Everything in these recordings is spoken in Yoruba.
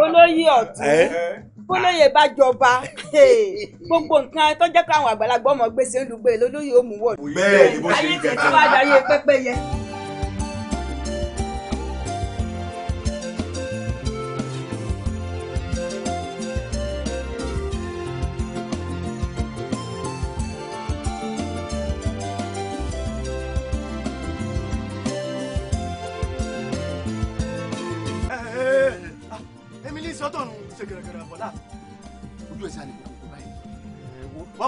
olóyè ọ̀tún bólóyè bá jọba gbogbo nǹkan tó jẹ́ káwọn àgbàlagbà ọmọ gbèsè ń lùgbé lólóyè òmùwọ̀lù bẹ́ẹ̀ ni bó ṣe ayé tí wàá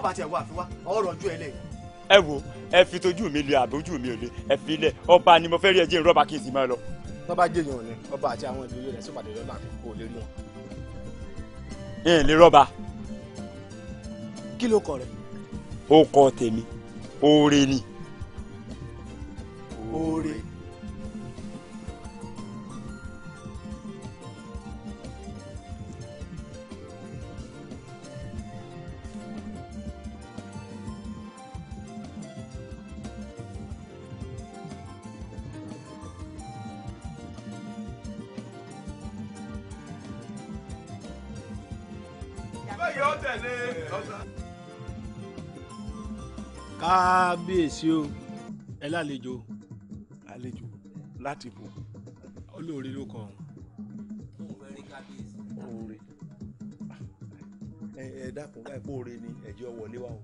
bàbá tiẹ̀ wà fún wa ọ̀rọ̀ ojú ẹ lẹ̀. ẹ wo ẹ fi tójú mi lé àbójú mi ò lé ẹ fi lẹ ọba ni mo fẹ́ rí ẹjẹ́ ìrọ́bà kí n sì máa lọ. tó bá jẹ́ èèyàn ni ọba àti àwọn ìdílé rẹ̀ sọ́pàdé lọ́la kò lè rí wọn. ẹ lè rọ́bà. kí ló kọ rẹ. ó kọ tèmi oore ni. oore. kábíyèsí o ẹ lálejò. àlejò láti bò. olóore ló kọ òun. oore ẹ dákun báyìí kó oore ni ẹ jẹ́ ó wọlé wa o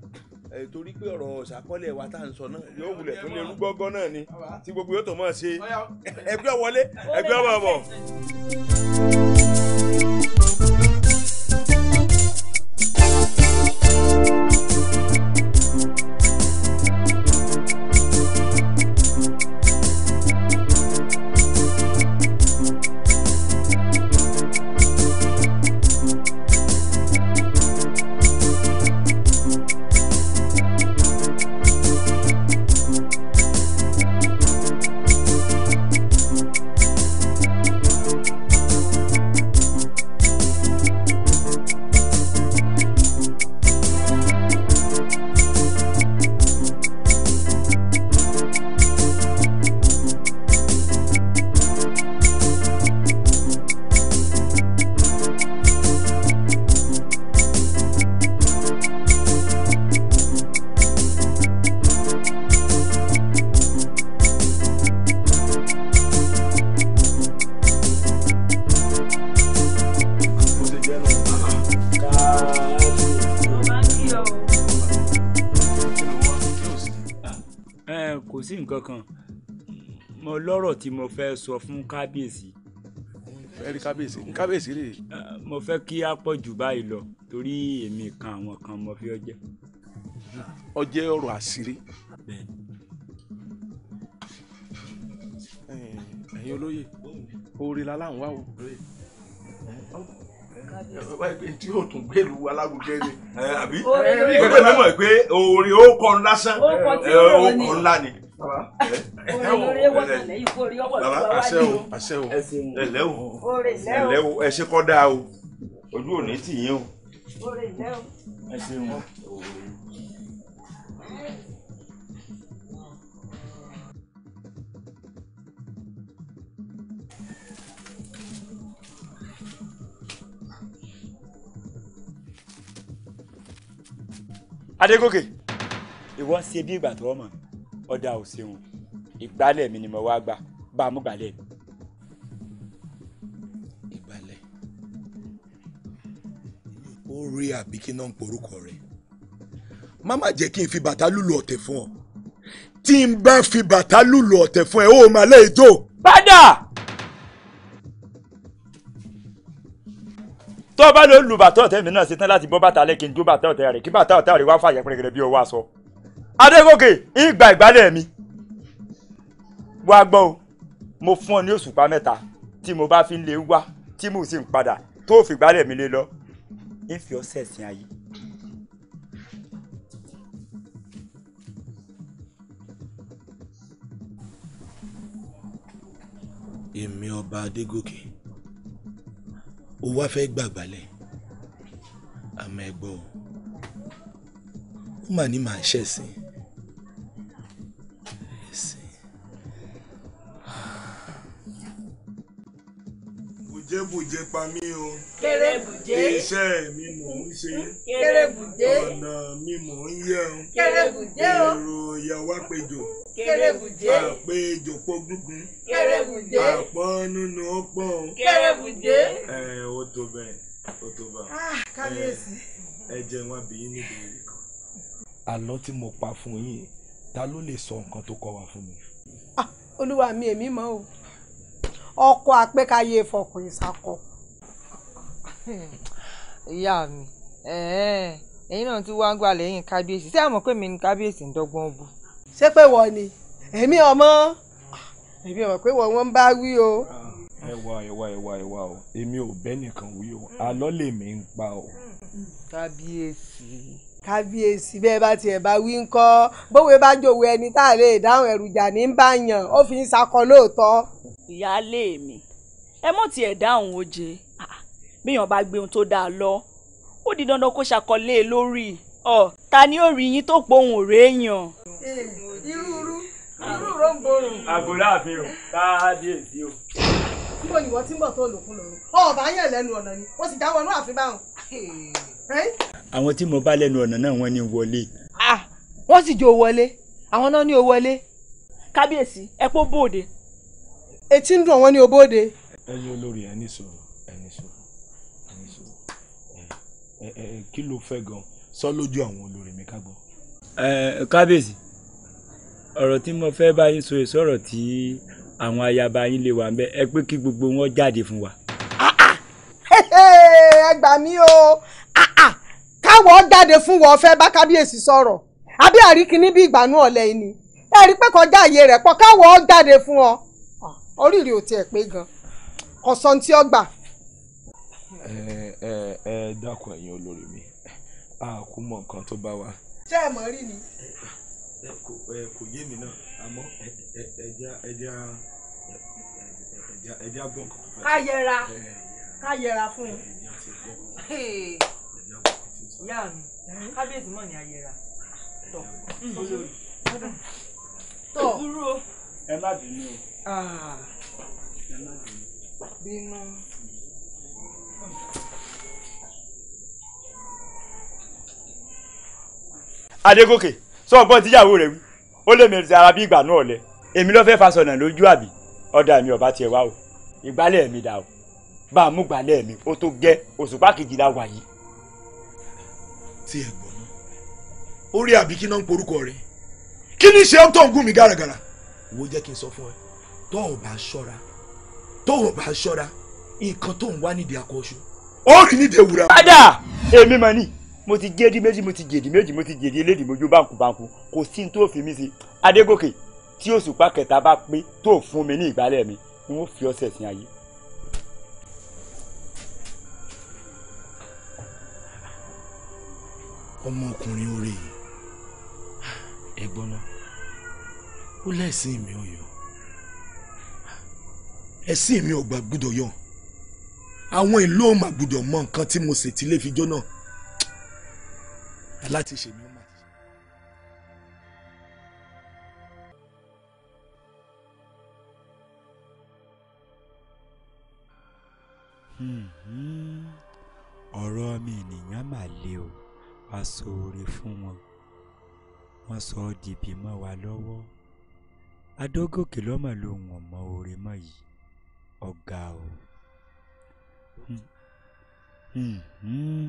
torí pé ọ̀rọ̀ ṣàkọọ́lẹ̀ wa tá à ń sọ náà yóò wulẹ̀ tó lè rú gọ́gọ́ náà ni tí gbogbo yóò tó mọ̀ ṣe ẹgbẹ́ wọlé ẹgbẹ́ wọ̀ tí mo fẹ́ sọ fún kábíyèsí. ẹ rí kábíyèsí kábíyèsí rè. Ah, mo fẹ́ kí a pọ̀ jù báyìí lọ torí èmi kan àwọn kan mo fi ọjẹ́. ọjẹ́ ọ̀rọ̀ àṣírí. ẹ̀yin olóye oore la láwọn wá o tí yóò tún gbé ìlú alágùnkẹ́ ni àbí ẹgbẹ́ mi mọ̀ pé oore ó kọ́ ńlá sán ó kọ́ ńlá ni baba àṣẹ o àṣẹ o ẹlẹ o ẹlẹ o ẹ ṣe kọ́ dáa o ojú ò ní tì yín o ẹ ṣeun o. Adégòkè ìwọ ń ṣe bí ìgbà tó ọmọ ọ̀dà ò ṣeun ìgbálẹ̀ mi ni mo wá gbà bá a mú gbálẹ̀ mi. ìgbálẹ̀ ó rí àbí kí náà ń porúkọ rẹ̀ má má jẹ́ kí n fi bàtà lùlù ọ̀tẹ̀ fún ọ tí n bá fi bàtà lùlù ọ̀tẹ̀ fún ẹ ó máa lé ijó. padà tó o bá lọ lu bàtà ọ̀tẹ̀ mi náà ṣetán láti bọ́ bàtà lẹ́kìn ju bàtà ọ̀tẹ̀ rẹ̀ kí bàtà ọ̀tẹ̀ rẹ̀ wá fàyà pẹ̀lẹ́gẹ̀rẹ̀ bí ọwọ́ aṣọ adégòkè ìgbà ìgbálẹ̀ mi wá gbọ́ o mo fún ọ ní òṣùpá mẹ́ta tí mo bá fi ń lè e wá tí mo sì ń padà tó fi ìgbálẹ̀ mi lé e lọ ìfi ọsẹ ìsìn ayé. èmi ọba adégòkè ó wá fẹ́ gbàgbálẹ̀ àmọ́ ẹ gbọ́ ó mà ní màá ṣẹ̀sìn. kérébùjé pa mí o. kérébùjé. iṣẹ́ mi mò ń ṣe. kérébùjé. ọ̀nà mi mò ń yẹ o. kérébùjé o. èrò ìyàwó àpéjọ. kérébùjé. àpéjọ pọ́gúngún. kérébùjé. àpọ́ nínú ọpọ́ o. kérébùjé. ẹ o tó bẹ́ẹ̀ o tó bá. Ah, kábíyèsí. ẹ jẹ́ wọn bí yín níbi ìrì kan. àlọ́ tí mo pa fún yín ta ló lè sọ nǹkan tó kọ wá fún mi. ah olúwa mi èmi mọ́ o ọkọ àpẹkáyé fọkùn ìsàkọ. ìyá mi ẹ̀yin náà ti wá ń gbà lẹ́yìn kábíyèsí ṣé àmọ́ pé mi ni kábíyèsí ń dọ́gbọ́n bù. ṣé pé wọ ni èmi ọmọ èmi ọmọ pé wọ wọn ń bá wí o. ẹ wá ẹ wá ẹ wá ẹ o èmi ò bẹ́ẹ̀ nìkan wí o àlọ́ lèmi ń pa o. kábíyèsí kábíyèsí bẹ́ẹ̀ bá tiẹ̀ bá wí ń kọ́ bówé e bá jòwó ẹni tá a lè dáhùn èròjà ní bá yàn ó fi ń sakọ lóòótọ́. ìyáálé mi ẹ mọ̀ tiẹ̀ dáhùn oje ah, bíyàn bá gbé ohun tó dáa lọ ó di dandan kó ṣàkọlé e lórí ọ ta ni ó rí yín tó pohùn rèéyàn. irúurú eh, irú ròǹgbòrùn. àgùrá mi ò kábíyèsí o níbo ni ìwọ tí ń bọ̀ tó lòkun lòrùn ọba yẹn lẹ́nu ọ̀nà ni ó sì dáwọ́ inú àfin àwọn tí mo bá lẹ́nu ọ̀nà náà wọ́n ní wọlé. ah wọ́n sì jó wọlé àwọn náà ní o wọlé. kábíyèsí ẹ pọ́ bóde. etí ń dùn wọ́n ní o bóde. ẹ yí olórí ẹ ní sọ̀rọ̀ ẹ ní sọ̀rọ̀ ẹ ní sọ̀rọ̀ ẹ ẹ kí ló fẹ́ gan sọ lójú àwọn olórí mi ká gbọ́. ẹ kábíyèsí ọ̀rọ̀ tí mo fẹ́ bá yín sọ èso ọ̀rọ̀ tí àwọn ayaba yín lè wà ńbẹ̀ ẹ pé kí gbogbo wọn jáde fún wa. Ah, ah. ẹ gbà mí o káwọ́ jáde fún wọ́n fẹ́ bá kábíyèsí sọ̀rọ̀ àbí àríkíní bí ìgbàanú ọ̀lẹ́ yìí ni ẹ rí pé kọjá àyè rẹ̀ pọ̀ káwọ́ jáde fún ọ oríire ò tiẹ̀ pé gan ọ̀sán tí ó gbà. ẹ ẹ ẹ dákun ẹ̀yin olórí mi a kò mọ nǹkan tó bá wa. ṣé ẹ mọ̀ rí ni. kò yé mi náà àmọ́ ẹja ẹja ẹja ẹja gbọ̀ǹkan. ká yẹra ká yẹra fún un ìyá mi kábíyèsí mọ̀ ní ayẹra tọ̀ olórí mhm. tọ̀ dúró. ẹ má bínú o ah. ẹ má bínú. bínú. adégòkè sọ ọgbọ́n tíyàwó rẹ̀ wí ó lè mẹ̀rẹ̀ ara bí ìgbà náà lẹ̀ èmi ló fẹ́ fasọ̀nà lójú àbí ọ̀dà mi ọ̀bá tiẹ̀ wá o ìgbálẹ̀ mi dà o bá a mú gbálẹ̀ mi ó tó gẹ́ òṣùpá kejìlá wà yìí tí ẹ gbọ́n náà orí àbí kí náà ń porúkọ rẹ kí ni ṣe tó ń gún mi gàràgàrà wo jẹ́ kí n sọ fún ẹ tó o bá ṣọ́ra tó o bá ṣọ́ra nǹkan tó ń wá nídìí akọ́ṣu ó rí nídìí ewúra. padà èmi mà ní mo ti gédí méjì mo ti gèdí méjì mo ti gèdí elédìí mojú báńkù báńkù kò sí ní tó fi mí sí adégòkè tí òṣùpá kẹta bá pé tó fún mi ní ìgbálẹ̀ mi n ó fi ọ̀sẹ̀ sin ayé ọmọkùnrin orí yìí ẹ̀gbọ́n náà ó lẹ́sìn mi ò yọ mi ò gbà gbúdọ̀ yọ àwọn ìlú ò mà gbúdọ̀ mọ nǹkan tí mo ṣètì lè fi jóná aláti ṣèmi ó mà hmm, hmm. ọ̀rọ̀ mi ènìyàn mà le o a so oore fún wọn wọ́n sọ ọ́ dìbì mọ́ wa lọ́wọ́ adógòkè lọ́mọ lòun ọ̀mọ oore mọ́ yìí ọ̀gá o hmm. hmm, hmm.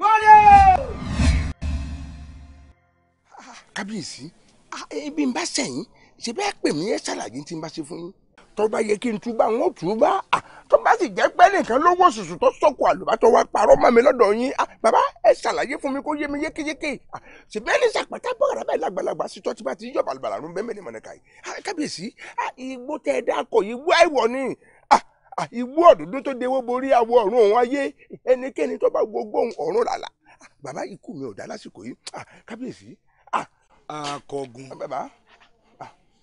wọlé o. kábíyèsí ibi ah, ń bá sẹ́yìn ṣe bẹ́ẹ̀ pè mí ẹ ṣàlàyé tí ń bá ṣe fún yín tó bá yẹ kí n túbà ń ó túbà tó bá sì jẹ́ pé nìkan lówó ṣùṣù tó sọ̀kò àlùbátọ́ wa parọ́ mọ́ mi lọ́dọ̀ yín bàbá ẹ ṣàlàyé fún mi kó yé mi yékéyéké ṣùgbọ́n ẹni ṣàpàtà bọ́ọ̀rọ̀ bẹ́ẹ̀ lágbàlagbà sí tọ́tí bá ti yọ̀ bàlùbàlà rún bẹ́ẹ̀ mẹ́rin mọ̀nàkà yìí kábíyèsí igbó tẹ ẹ dákọ̀ igbó àìwọ̀ ni igbó ọ̀dọ́dọ́ tó dewó borí awọ ọ̀run òun ayé ẹnikẹ́ni tó bá gbogbo ọ̀run làlà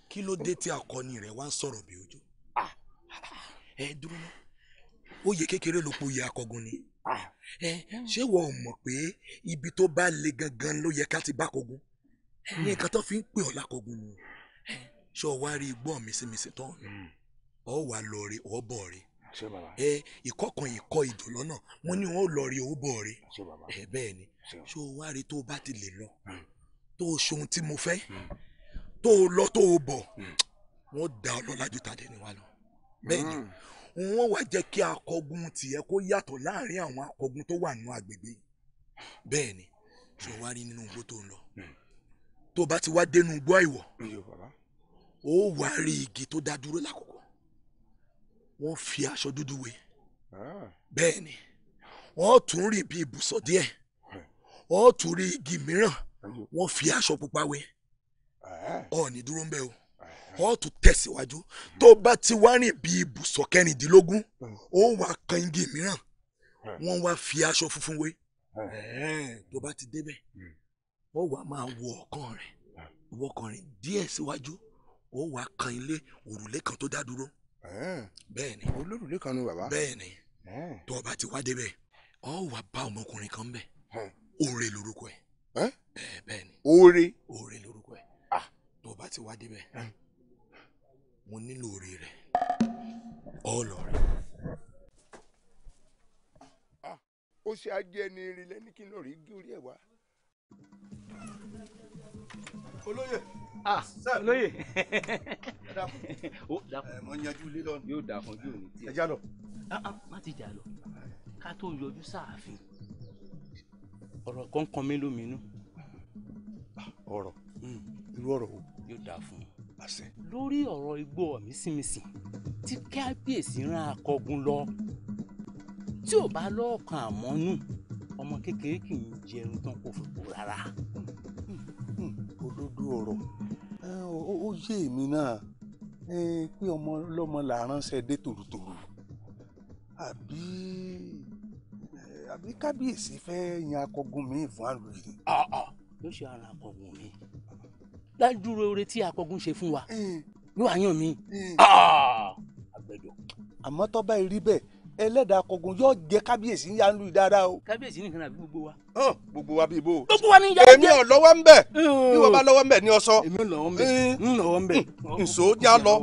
kí ló dé tí akọni rẹ wá ń sọ̀rọ̀ bí ojú ẹ eh, dúró náà oyè kékeré ló po oyè akọgun ni ẹ ah. eh, ṣé wọn ò mọ̀ pé ibi tó bá le gangan ló yẹ ká ti bá kọgun ní nǹkan tó fi ń pè ọ́ lákọgun ni ṣé ọ wá rí igbó mísímísí tán hmm. ọ wà lọ rí ọ bọ̀ rí ẹ eh, ìkọkàn ìkọ ìdò lọ́nà wọn ni wọn ò lọ rí ọ bọ̀ rí ẹ bẹ́ẹ̀ ni ṣé ọ wá rí tó bá ti lè lọ hmm. tó o ṣohun tí mo fẹ́ hmm. tó o lọ tó o bọ̀ wọ́n dá ọ lọ́lá ju tàdé ni wà lọ bẹ́ẹ̀ni mm. wọ́n wá jẹ́ kí akọgun tiẹ̀ kó yàtọ̀ láàrin àwọn akọgun tó wà nínú agbègbè yìí bẹ́ẹ̀ni ṣé o wá rí nínú igbó tó ń lọ mm. tó o bá ti wá dénú igbó àìwọ̀ o wá rí igi tó dá dúró lákòókò wọ́n fi aṣọ dúdú wé ah. bẹ́ẹ̀ni wọ́n tún rí bí ibùsọ̀ díẹ̀ wọ́n tún rí igi mìíràn wọ́n fi aṣọ pupa wé ọ̀ọ́ni ah. dúró ń bẹ̀ o ọ tún tẹ̀síwájú tó bá ti wá rìn bí ibùsọ̀ kẹrìndínlógún ó wàá kan igi mìíràn wọ́n wá fi aṣọ funfun wé tó bá ti débẹ̀ ó wàá máa wọ ọ̀kan rẹ̀ ìwọ kan rìn díẹ̀ síwájú ó wàá kan ilé òrùlé kan tó dá dúró bẹ́ẹ̀ ni olórùlé kan ni bàbá bẹ́ẹ̀ ni tó bá ti wá débẹ̀ ó wàá bá ọmọkùnrin kan bẹ̀ òrè lórúkọ ẹ̀ bẹ́ẹ̀ ni òrè lórúkọ ẹ̀ ah. tó bá ti wá débẹ̀ mo nílò orí rẹ ọlọrẹ. ó ṣe ajé ẹni ìrìlẹ̀ ní kí n lọ rí gé ẹ̀ wá. olóyè. ah olóyè. ó dàpọ̀ ẹ̀ yanjú ilé lọ́nà. yóò dà fún yóò ní tiẹ̀. ẹ já lọ. Ah, ah, má ti jà lọ ká tó yọjú sáàfin ọ̀rọ̀ kan kan mi lóminú. Ah, ọ̀rọ̀ hmm. irú ọ̀rọ̀ wo. yóò dà fún un àṣẹ. lórí ọ̀rọ̀ igbó ọ̀mísìmísìn tí kábíyèsí rán akọgun lọ tí ò bá lọ́ọ̀kan àmọ́nú ọmọ kékeré kì í jẹun tán kò fòpò rárá. òdodo ọ̀rọ̀ ó yé èmi náà pé ọmọ ọlọ́mọ là ránṣẹ́ dé tòrútòrú àbí àbí kábíyèsí fẹ́ yan akọgun mi fún àlùyé. Ah, ah. yóò ṣe ara akọgun mi dájúrò oore tí akọgun ṣe fún wa ní wàá yàn mí àmọ́ tó bá rí bẹ́ẹ̀ ẹlẹ́dàá yóò jẹ kábíyèsí ń yanu o. kábíyèsí nìkan àbí gbogbo wa. gbogbo wa bí gbogbo wa ni ya jẹ. èmi ò lọ́wọ́ ń bẹ̀. bí wọ́n bá ni ọ sọ. èmi ò lọ́wọ́ ń bẹ̀. ń lọ́wọ́ ń bẹ̀. lọ.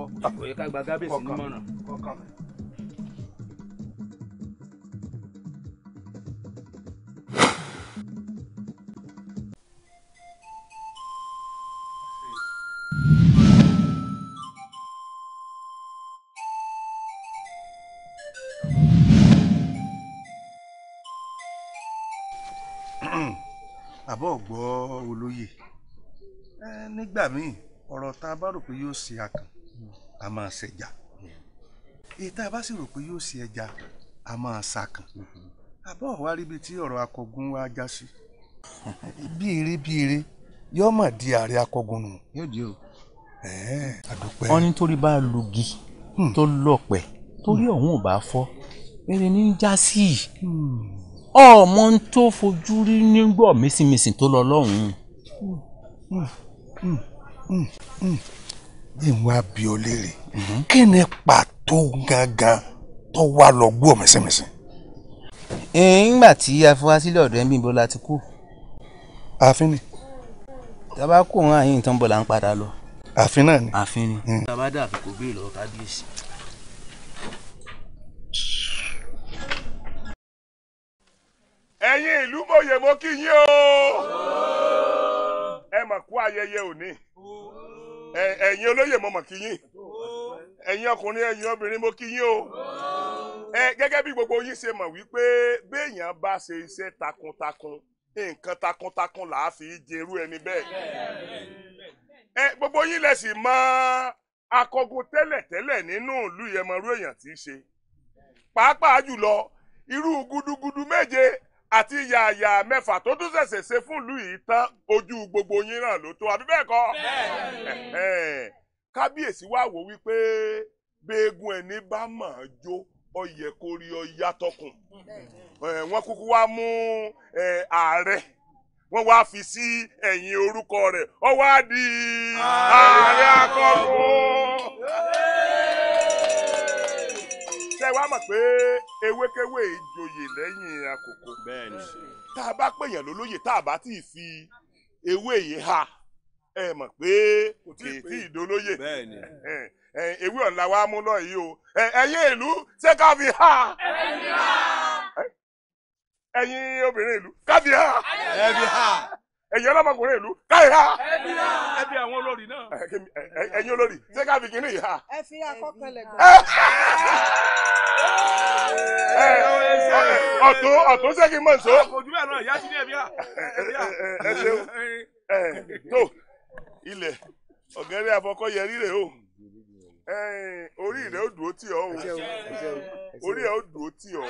nígbà míì ọ̀rọ̀ tá a bá rò pé yóò ṣe akàn a máa ṣẹja èyí tá a bá sì rò pé yóò ṣe ẹja a máa ṣàkàn àbọ̀ wá ríbi tí ọ̀rọ̀ akọgun wa já sí bí eré bí eré yóò mà di ààrẹ akọgun nù. yóò di o. àdùpẹ́. wọ́n ní torí bá lugi hmm. tó lọ̀pẹ̀ torí hmm. ọ̀hún ò bá fọ́ eré ní já sí i hmm. ọmọ tó fojú rí nígbọ̀ mísìmísì tó lọ lọ́hùn-ún. Mm, mm, mm. bí n wá bí ọ léèrè kí ni pàtó gangan tó wá lọ gbọ́ mẹ́sẹ̀mẹ́sẹ̀. ńgbà tí afurasí lọ́dọ̀ ẹ̀ ń bímọ láti kú. ààfin ni. tábà kó wọn àyè ìtàn bọ̀ là ń padà lọ. ààfin náà ni. ààfin ni. tábà dà fi kò gbé ìlọ́wọ́ kábíyèsí. ẹ̀yin ìlú mòye kí yín o ẹ mà kú ayẹyẹ òní ẹ̀yin olóyè mo mọ̀ kí yín ẹ̀yin ọkùnrin ẹ̀yin obìnrin mo kí yín o ẹ gẹ́gẹ́ bí gbogbo yín ṣe mọ̀ wípé béèyàn bá ṣe iṣẹ́ takuntakun nǹkan takuntakun là á fi jẹrú ẹni bẹ́ẹ̀ ẹ gbogbo yín lẹ sì mọ̀ akọgun tẹ́lẹ̀tẹ́lẹ̀ nínú ìlú yẹmọrú èèyàn tí í ṣe pàápàá jùlọ irú gudugudu méje àti yàyà mẹ́fà tó tún ṣẹ̀ṣẹ̀ ṣe fún ìlú yìí tán ojú gbogbo yín náà ló tó àbí bẹ́ẹ̀ kọ́. kábíyèsí wá wò wípé béègùn ẹni bá máa jó ó yẹ kó rí ọ yàtọkùn wọ́n kúkú wá mú ààrẹ wọ́n wá fi sí ẹ̀yìn orúkọ rẹ̀ ó wá ààrẹ akọkùn ṣe wá mọ̀ pé ewékéwé ìjòyè lẹ́yìn àkókò tá a bá pèèyàn lólóyè tá a bá tí ì fi ewé yìí ha ẹ mọ̀ pé kò tí ì dolóyè ewé ọ̀la wa mú lọ yìí o ẹ̀yin ìlú ṣé ká fi ha ẹ̀yin obìnrin ìlú ká fi ha ẹ̀yin ọlọ́mọkùnrin ìlú káyì ha ẹbí àwọn olórí náà ẹ̀yin olórí ṣé ká fi kíní yìí ha. ẹ fi akọkànlẹ gbọ. ọ̀tún ọ̀tún ṣé kí n mọ̀ nsọ. àkójú bẹ́ẹ̀ náà ìyá ti ní ẹbí à. ẹ ṣeun tó ilẹ̀ ọ̀gẹ́rẹ́ àfọkọ́yẹrí rèé o orí rẹ̀ ó dúró tì ọ́ o orí rẹ̀ ó dúró tì ọ́.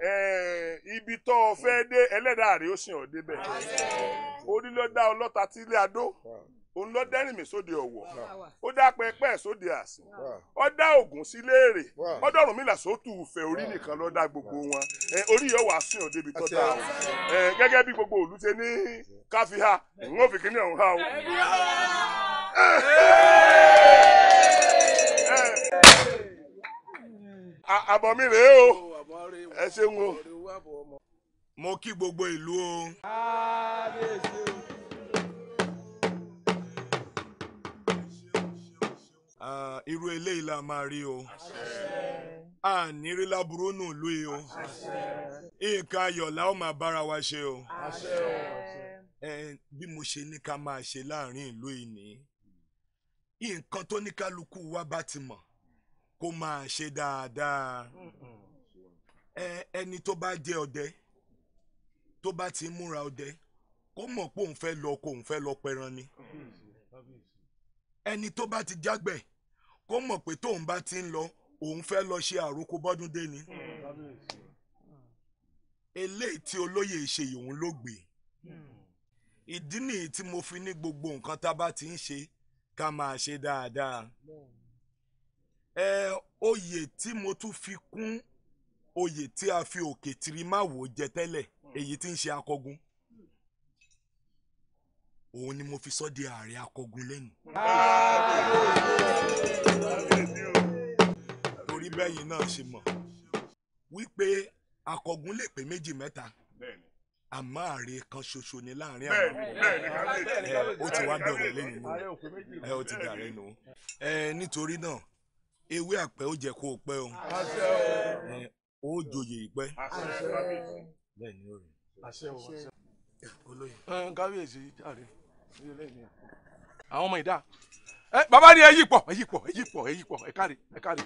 Eh, ibi tó o fẹ́ dé ẹlẹ́dàá rẹ̀ ó sìn ọ́ débẹ̀ orí ló dá ọlọ́ta tí ilé adó òun ló dẹ́rìn mi sóde ọ̀wọ̀ ó dá o sóde àsìn ó dá ògùn sí léèrè ọdọ̀rùn mi ìfẹ́ orí nìkan ló dá gbogbo wọn eh, orí yóò wá débi o eh, gẹ́gẹ́ bí gbogbo ṣe ní káfíhà o. àbọ̀ o. ẹ ṣeun o mo kí gbogbo ìlú o. kábíyèsí o. irú eléyìí la máa rí o a ní rí láburú nù lú yìí o nǹkan ayọ̀ la ó máa bára wa ṣe o bí mo ṣe ní ká máa ṣe láàrin ìlú yìí ní nǹkan tó ní kálukú wa bá ti mọ̀ kó máa ṣe dáadáa ẹni tó bá jẹ ọdẹ tó bá ti múra ọdẹ kó mọ̀ pé òun fẹ́ lọ kó òun fẹ́ lọ pẹran ni ẹni tó bá ti jágbẹ̀ kó mọ̀ pé tóun bá ti ń lọ òun fẹ́ lọ ṣe àròkọ bọ́dún dé ni eléyìí tí olóyè ṣe ìhun ló gbé ìdí nìyí tí mo fi ní gbogbo nǹkan tá a bá ti ń ṣe ká máa ṣe dáadáa ẹ oyè tí mo tún fi kún oyè tí a fi òkè tìrì máa wò jẹ tẹ́lẹ̀ èyí tí ń ṣe akọgun òun ni mo fi sọ di ààrẹ akọgun lẹ́nu. torí bẹ́yìn náà ṣe mọ̀ wípé akọgun lè pé méjì mẹ́ta àmọ́ ààrẹ kan ṣoṣo ni láàrin àwọn ọmọ ó ti wá dọ̀rẹ́ lẹ́nu ẹ ó ti dàrẹ́ nu. nítorí náà ewé àpẹ́ ó jẹ́ kó o pẹ́ o ó joyè ìpẹ́. bẹ́ẹ̀ ni ó rí. kábíyèsí jàre àwọn ọmọ ìdá bàbá ni ẹ yí pọ̀ ẹ yí pọ̀ ẹ yí pọ̀ ẹ yí pọ̀ ẹ káre ẹ káre.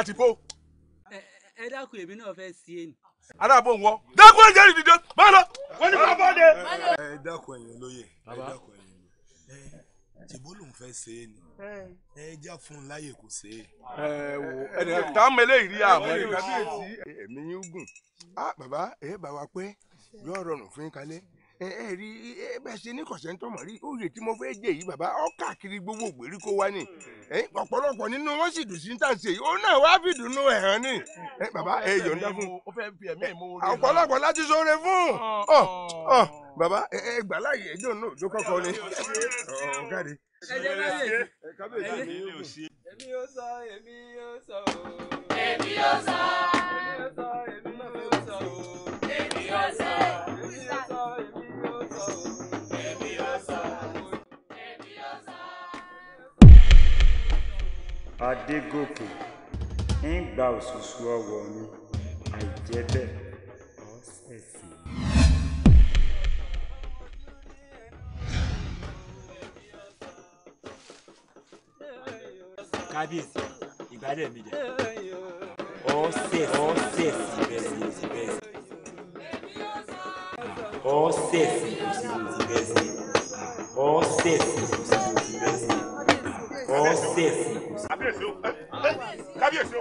láti bó. ẹ dákun èmi náà fẹ́ sí èmi. aláàbò ń wọ. dákun ẹ̀jẹ̀ rì dídé má lọ wọ́n ní bá bọ́ọ̀dẹ. ẹ dákun ẹ̀yìn olóye ẹ dákun ẹ̀yìn olóye tìbó lòun fẹ́ ṣe é ni ẹ já fún un láyè kò ṣe é. ẹ wo ẹnìkan tá a mẹlẹ ìrí àwọn ẹnìkan kábíyèsí. èmi yín gùn. Ah, bàbá ẹ bá wa pé yóò rọrùn fún yín kalẹ̀ ẹ ẹ rí ẹ bẹ́ẹ̀ ṣe ní kọ̀ṣẹ́ ń tọ̀mọ̀ rí oyè tí mo fẹ́ jẹ yìí bàbá ọ káàkiri gbogbo ìgbèríko wa ni ọ̀pọ̀lọpọ̀ nínú wọn sì dùn sí tàǹsì èyí òun náà wá fi dùnú ẹ̀ hàn ni bàbá ẹ yọ̀ǹda fún ọ̀pọ̀lọpọ̀ láti sọ̀rọ̀ fún ọ ọ bàbá ẹ gbà láàyè ẹjọ́ náà ojú kọ́kọ́ ni ọ̀gáde. ẹ jẹ́ báyìí èmi yóò sọ èmi yóò sọ èmi yóò sọ. adégòkè ń gba òṣùṣù ọwọ́ mi àìjẹ́ bẹ́ẹ̀ ọ̀sẹ̀sìn. kábíyèsí ìgbálẹ̀ mi jẹ ọ̀sẹ̀ ọ̀sẹ̀ síbẹ̀síbẹ̀ ọ̀sẹ̀ síbẹ̀síbẹ̀ ọ̀sẹ̀ síbẹ̀síbẹ̀ ó ṣèṣì. kábíyèsí o kábíyèsí o.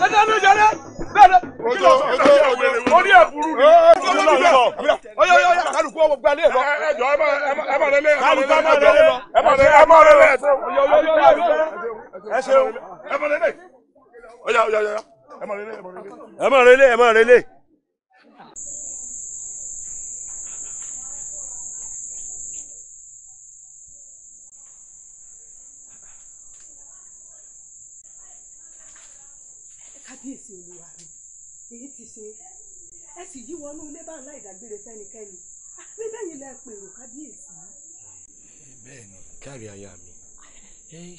ẹ dá mi jẹ dẹ bẹ́ẹ̀ dẹ kí ló sọ ọ ní ẹbùrú ni kí ló sọ ọyọ ọyọ ọyọ kálukú ọmọ gbalẹ lọ. ẹ jọ ẹ má lélẹ kálukú ọmọ gbalẹ ṣe ẹ sì yí wọnú ilé bá ńlá ìdágbére fẹ́nikẹ́ni àbí ah, bẹ́yìn lẹ pèrò kábíyèsí. bẹ́ẹ̀ ni kárí aya mi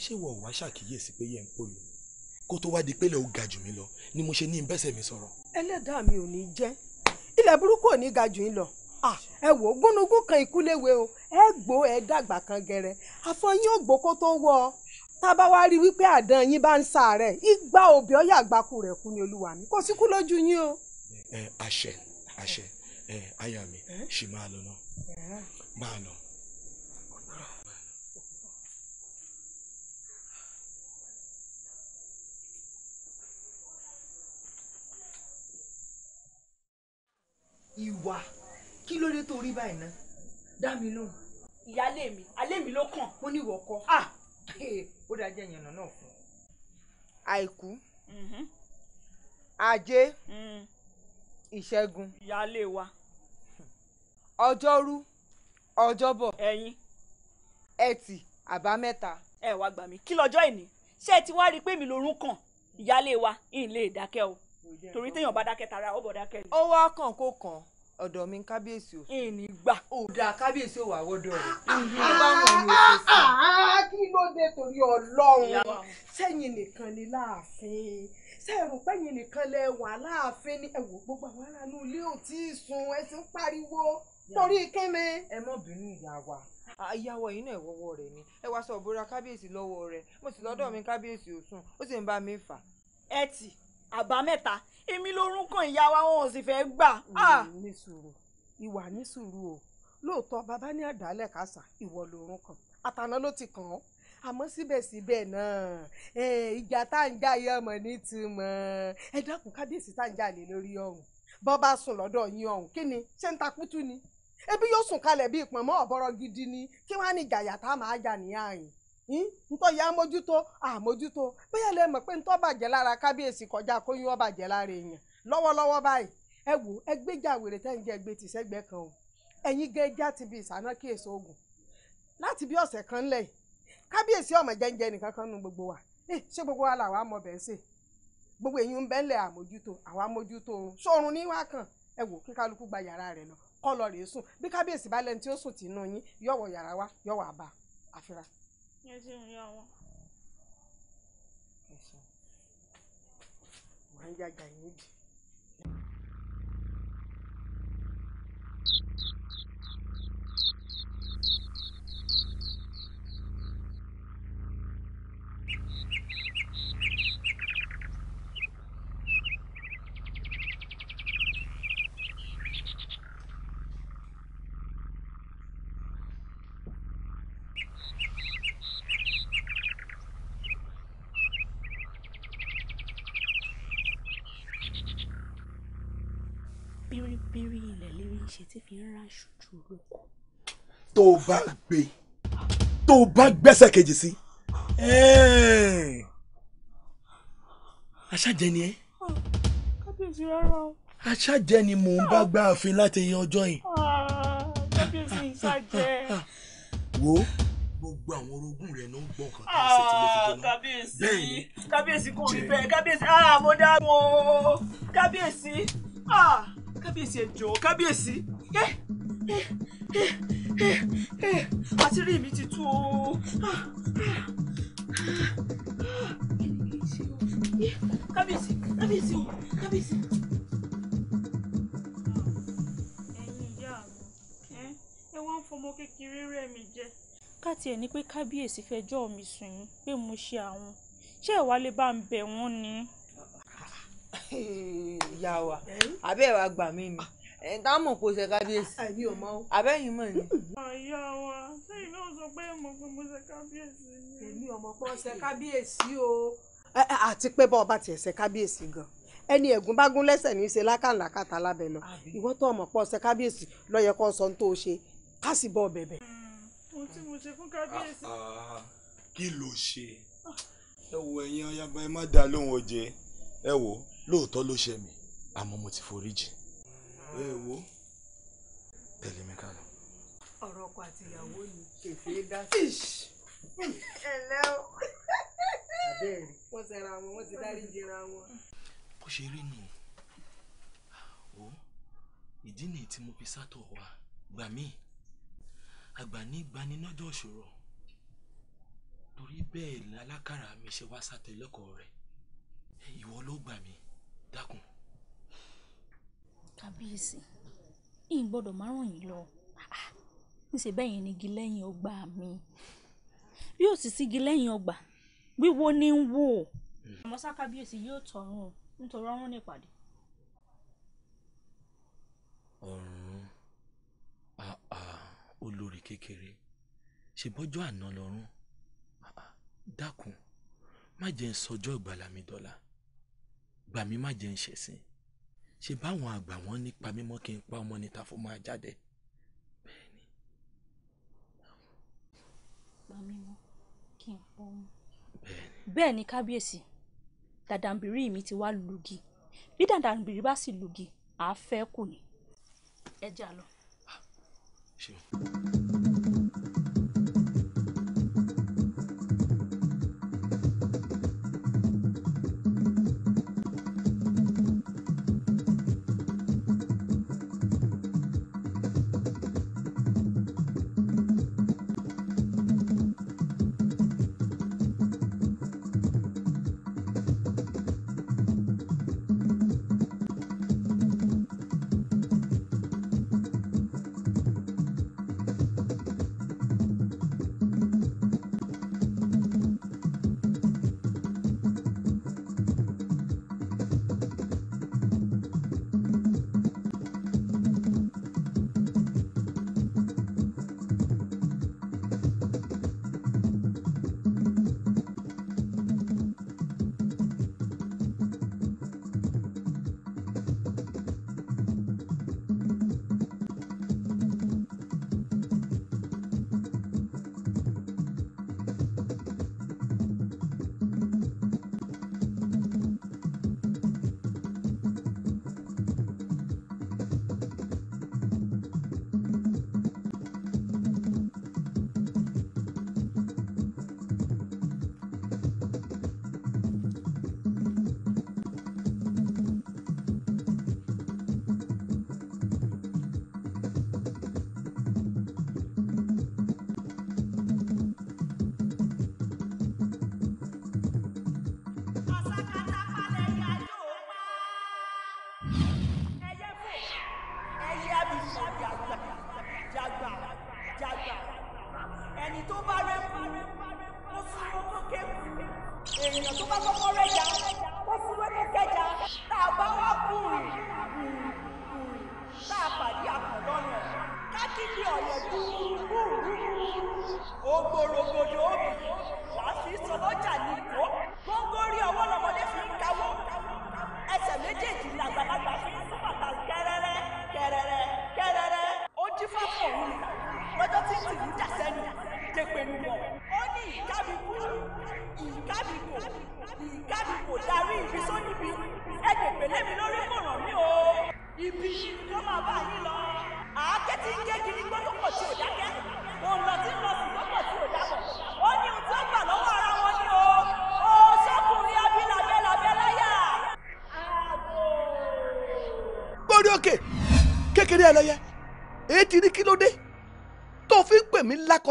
ṣé wọ́n wá ṣàkíyèsí pé yẹn ń pòlù kó tó wá di pé ilẹ̀ ò ga jù mí lọ ni mo ṣe ní bẹ́sẹ̀ mi sọ̀rọ̀. ẹlẹ́dàá mi ò ní jẹ́ ilẹ̀ burúkú ò ní ga jù yín lọ ah, ẹ wò ó gúnugún kan ìkúléwe o ẹ gbó ẹ dàgbà kan gẹrẹ àfọyín ògbó kó tó wọ ọ tábà wá rí wípé àdán yín bá ń ṣàárẹ̀ igba òbí ọ̀yà àgbákù rẹ̀ kú ni olúwa mi kò sí kú lójú yín o. ẹ àṣẹ àṣẹ ẹ àyà mi ṣì máa lọ náà máa lọ. ìwà kí ló dé tó rí báyìí ná dá mi lóhùn. ìyáálé mi alẹ́ mi ló kàn mo ní ìwọ kọ́. ah ó dáa jẹ́ ìyànnà náà fún ọ. àìkú mm-hmm. ajé mm. ìṣẹ́gun ìyáálé wa ọjọ́rú ọjọ́bọ̀ ẹ̀yin ẹtì àbámẹ́ta. ẹ wá gbà mí kí lọ́jọ́ ìní ṣé ẹ ti wá rí i pé mi lorún kàn ìyáálé wa ìyìn lè dákẹ́ o torí téèyàn bá dákẹ́ tara ó bọ̀ dákẹ́ ni. ó wá kàn kó kàn ọ̀dọ̀ mi kábíyèsí o. ìní gbà. ó dáa kábíyèsí ò wà wọ́dọ̀ rẹ̀. ìyẹn ah, ah, bá wọn ní oṣù sàn. kí ló dé torí ọlọ́run sẹ́yìn nìkan ni láàfin sẹ́ẹ̀rù pẹ́yìn nìkan lẹ wà láàfin ni ẹ̀wò gbogbo àwọn aráàlú ilé ò tí ì sun ẹ ti ń pariwo torí kíni. ẹ mọ̀ bínú ìyá wa ayáwọ yìí náà ìwọ́wọ́ rẹ̀ ni ẹ wá sọ òbúra kábíyèsí lọ́wọ́ rẹ̀ mo sì lọ́dọ̀ mi kábíyèsí òsùn ó sì ń bá mi fà. ẹ tì àbámẹ́ta èmi lórúkàn ìyá wa wọn ò sì fẹ́ gbà. Ah! ní sùúrù ìwà ní sùúrù o lóòótọ́ bàbá ní àdálẹ̀ kásà ìwọ lórúkàn àtàná ló ti kàn án àmọ́ síbẹ̀síbẹ̀ náà ìjà tá à ń jà yẹn ọmọ ní túmọ̀ ẹ dákun kábíyèsí tá à ń jà lé lórí ọ̀hún bọ́ bá sùn lọ́dọ̀ yín ọ̀hún kí ni ṣé ń takútú ni ebi yóò sùn kalẹ̀ bí ìpọ̀nmọ́ ọ̀bọ̀rọ̀ gidi ni kí wọ́n á ní jàyà tá a máa jà ní àyìn Hmm? ntọ́ ya amojuto àmójútó bóyá lè mọ̀ pé ntọ́ bàjẹ́ lára kábíyèsí kọjá kóyún ọ bàjẹ́ lára èèyàn lọ́wọ́lọ́wọ́ báyìí ẹ wò ẹ gbéjà wèrè tẹ́ǹjẹ́ gbé tìṣẹ́gbẹ́ kan o ẹ̀yin gẹ́jà ti bi ìsáná kíyèsí ogun láti bí ọ̀sẹ̀ kan lẹ̀ kábíyèsí ọmọ nìkan kan nu gbogbo wa eh, ṣé gbogbo wa làwa mọ bẹ́ẹ̀ gbogbo èyí ń bẹ́ẹ̀ lẹ̀ àmójútó àwa mójútó ní wákàn ẹ gba yàrá lọ kọ́ lọ rèé sùn bí kábíyèsí bá lẹ́ni tí ó sùn tì yín yọ̀wọ̀ yàrá wa yọ̀wọ̀ àbá ẹ ṣeun ya wọn. ẹ ṣeun wàá yàgà yín dì. ránṣu jù lóko. tó o bá gbé tó o bá gbẹ́sẹ̀ kejì sí aṣájẹ ni ẹ. kábíyèsí rárá ni mò ń bá gbá àfin láti yan ọjọ́ yìí. Ah, wo gbogbo àwọn orogún rẹ ló ń gbọ́ tó ń ṣe tí mo ah, kábíyèsí kò rí bẹ́ẹ̀ kábíyèsí ah mo dá wọn o kábíyèsí ah kábíyèsí ẹ jọ̀ọ́ kábíyèsí àṣírí mi ti tú o. kábíyèsí kábíyèsí o kábíyèsí. wọ́n ń fọmọ kékeré rẹ̀ mi jẹ. ká tiẹ̀ ní pé kábíyèsí fẹjọ́ mi sùn yín pé mo ṣe àwọn ṣé ẹ̀ wá lè bá ń bẹ̀ wọ́n ni. ìyá wa àbẹ́ ẹ̀ wá gbà mí ni ẹ tá mọ̀ kó ṣe kábíyèsí. o. abẹ́yìn mọ̀ ni. àyà wa sẹ́yìn náà sọ pé mo pé mo ṣe kábíyèsí. èmi ọmọ pọ́n ṣe kábíyèsí o. àti pé bọ́ọ̀ bá tiẹ̀ ṣe kábíyèsí gan-an ẹni ẹ̀gún bá gún lẹ́sẹ̀ ní í ṣe lákàlàkàtà lábẹ́ lọ ìwọ tó ọmọ pọ̀ ṣe kábíyèsí lọ́yẹ kó sọ tó o ṣe ká sì bọ́ bẹ̀bẹ̀. Hmm, ohun tí mo ṣe fún kábíyèsí. Ah, ah, kí ló ṣe ẹ wo ẹ̀yin ọyàbá ẹ má dá lóhùn ọjẹ ẹ wo lóòótọ́ ló ṣe mí àmọ́ mo ti forí jìn ẹ wo tẹ̀lé mi ká lọ. ọ̀rọ̀ ọkọ àti ìyàwó ni kèfé dá sí. ẹ̀lẹ́ o wọ́n ti ra wọn wọ́n ti dárí jìra wọn. bó ṣe rí nù ó ìdí nìyí tí mo fi sátọ̀ wá gbà mí àgbà ní ìgbanínájọ́ òṣòro torí bẹ́ẹ̀ lálákàrà mi ṣe wá sátẹ̀lẹ́kọ̀ọ́ rẹ̀ ìwọ ló gbà mí dákun kábíyèsí yìí gbọ́dọ̀ má ràn yín lọ ah, níṣẹ bẹ́ẹ̀ yẹn nigi lẹ́yìn ọgbà mi bí ó sì sígi lẹ́yìn ọgbà wíwo ni ń wò. àmọ́ sá kábíyèsí yóò tọrùn nítorí ọrùn nípàdé. ọ̀run ah, ah, olórí kékeré ṣèbọ́jọ́ àná lọ́rùn dákun má jẹ́ ń sọjọ́ ìgbàlà mi dọ́là gbà mí má jẹ́ ń ṣẹ̀sìn ṣe báwọn àgbà wọn nípa mímọ́ kí n pa ọmọ níta fún máa jáde. bẹ́ẹ̀ni. pa mímọ́ kí n pọ ọmọ. bẹ́ẹ̀ni. bẹ́ẹ̀ ni kábíyèsí dàdàǹbìrì mi ti wá lùgì bí dàdàǹbìrì bá sì lùgì àá fẹ́ kù ni. ẹ jà lọ. Ah, ṣeun.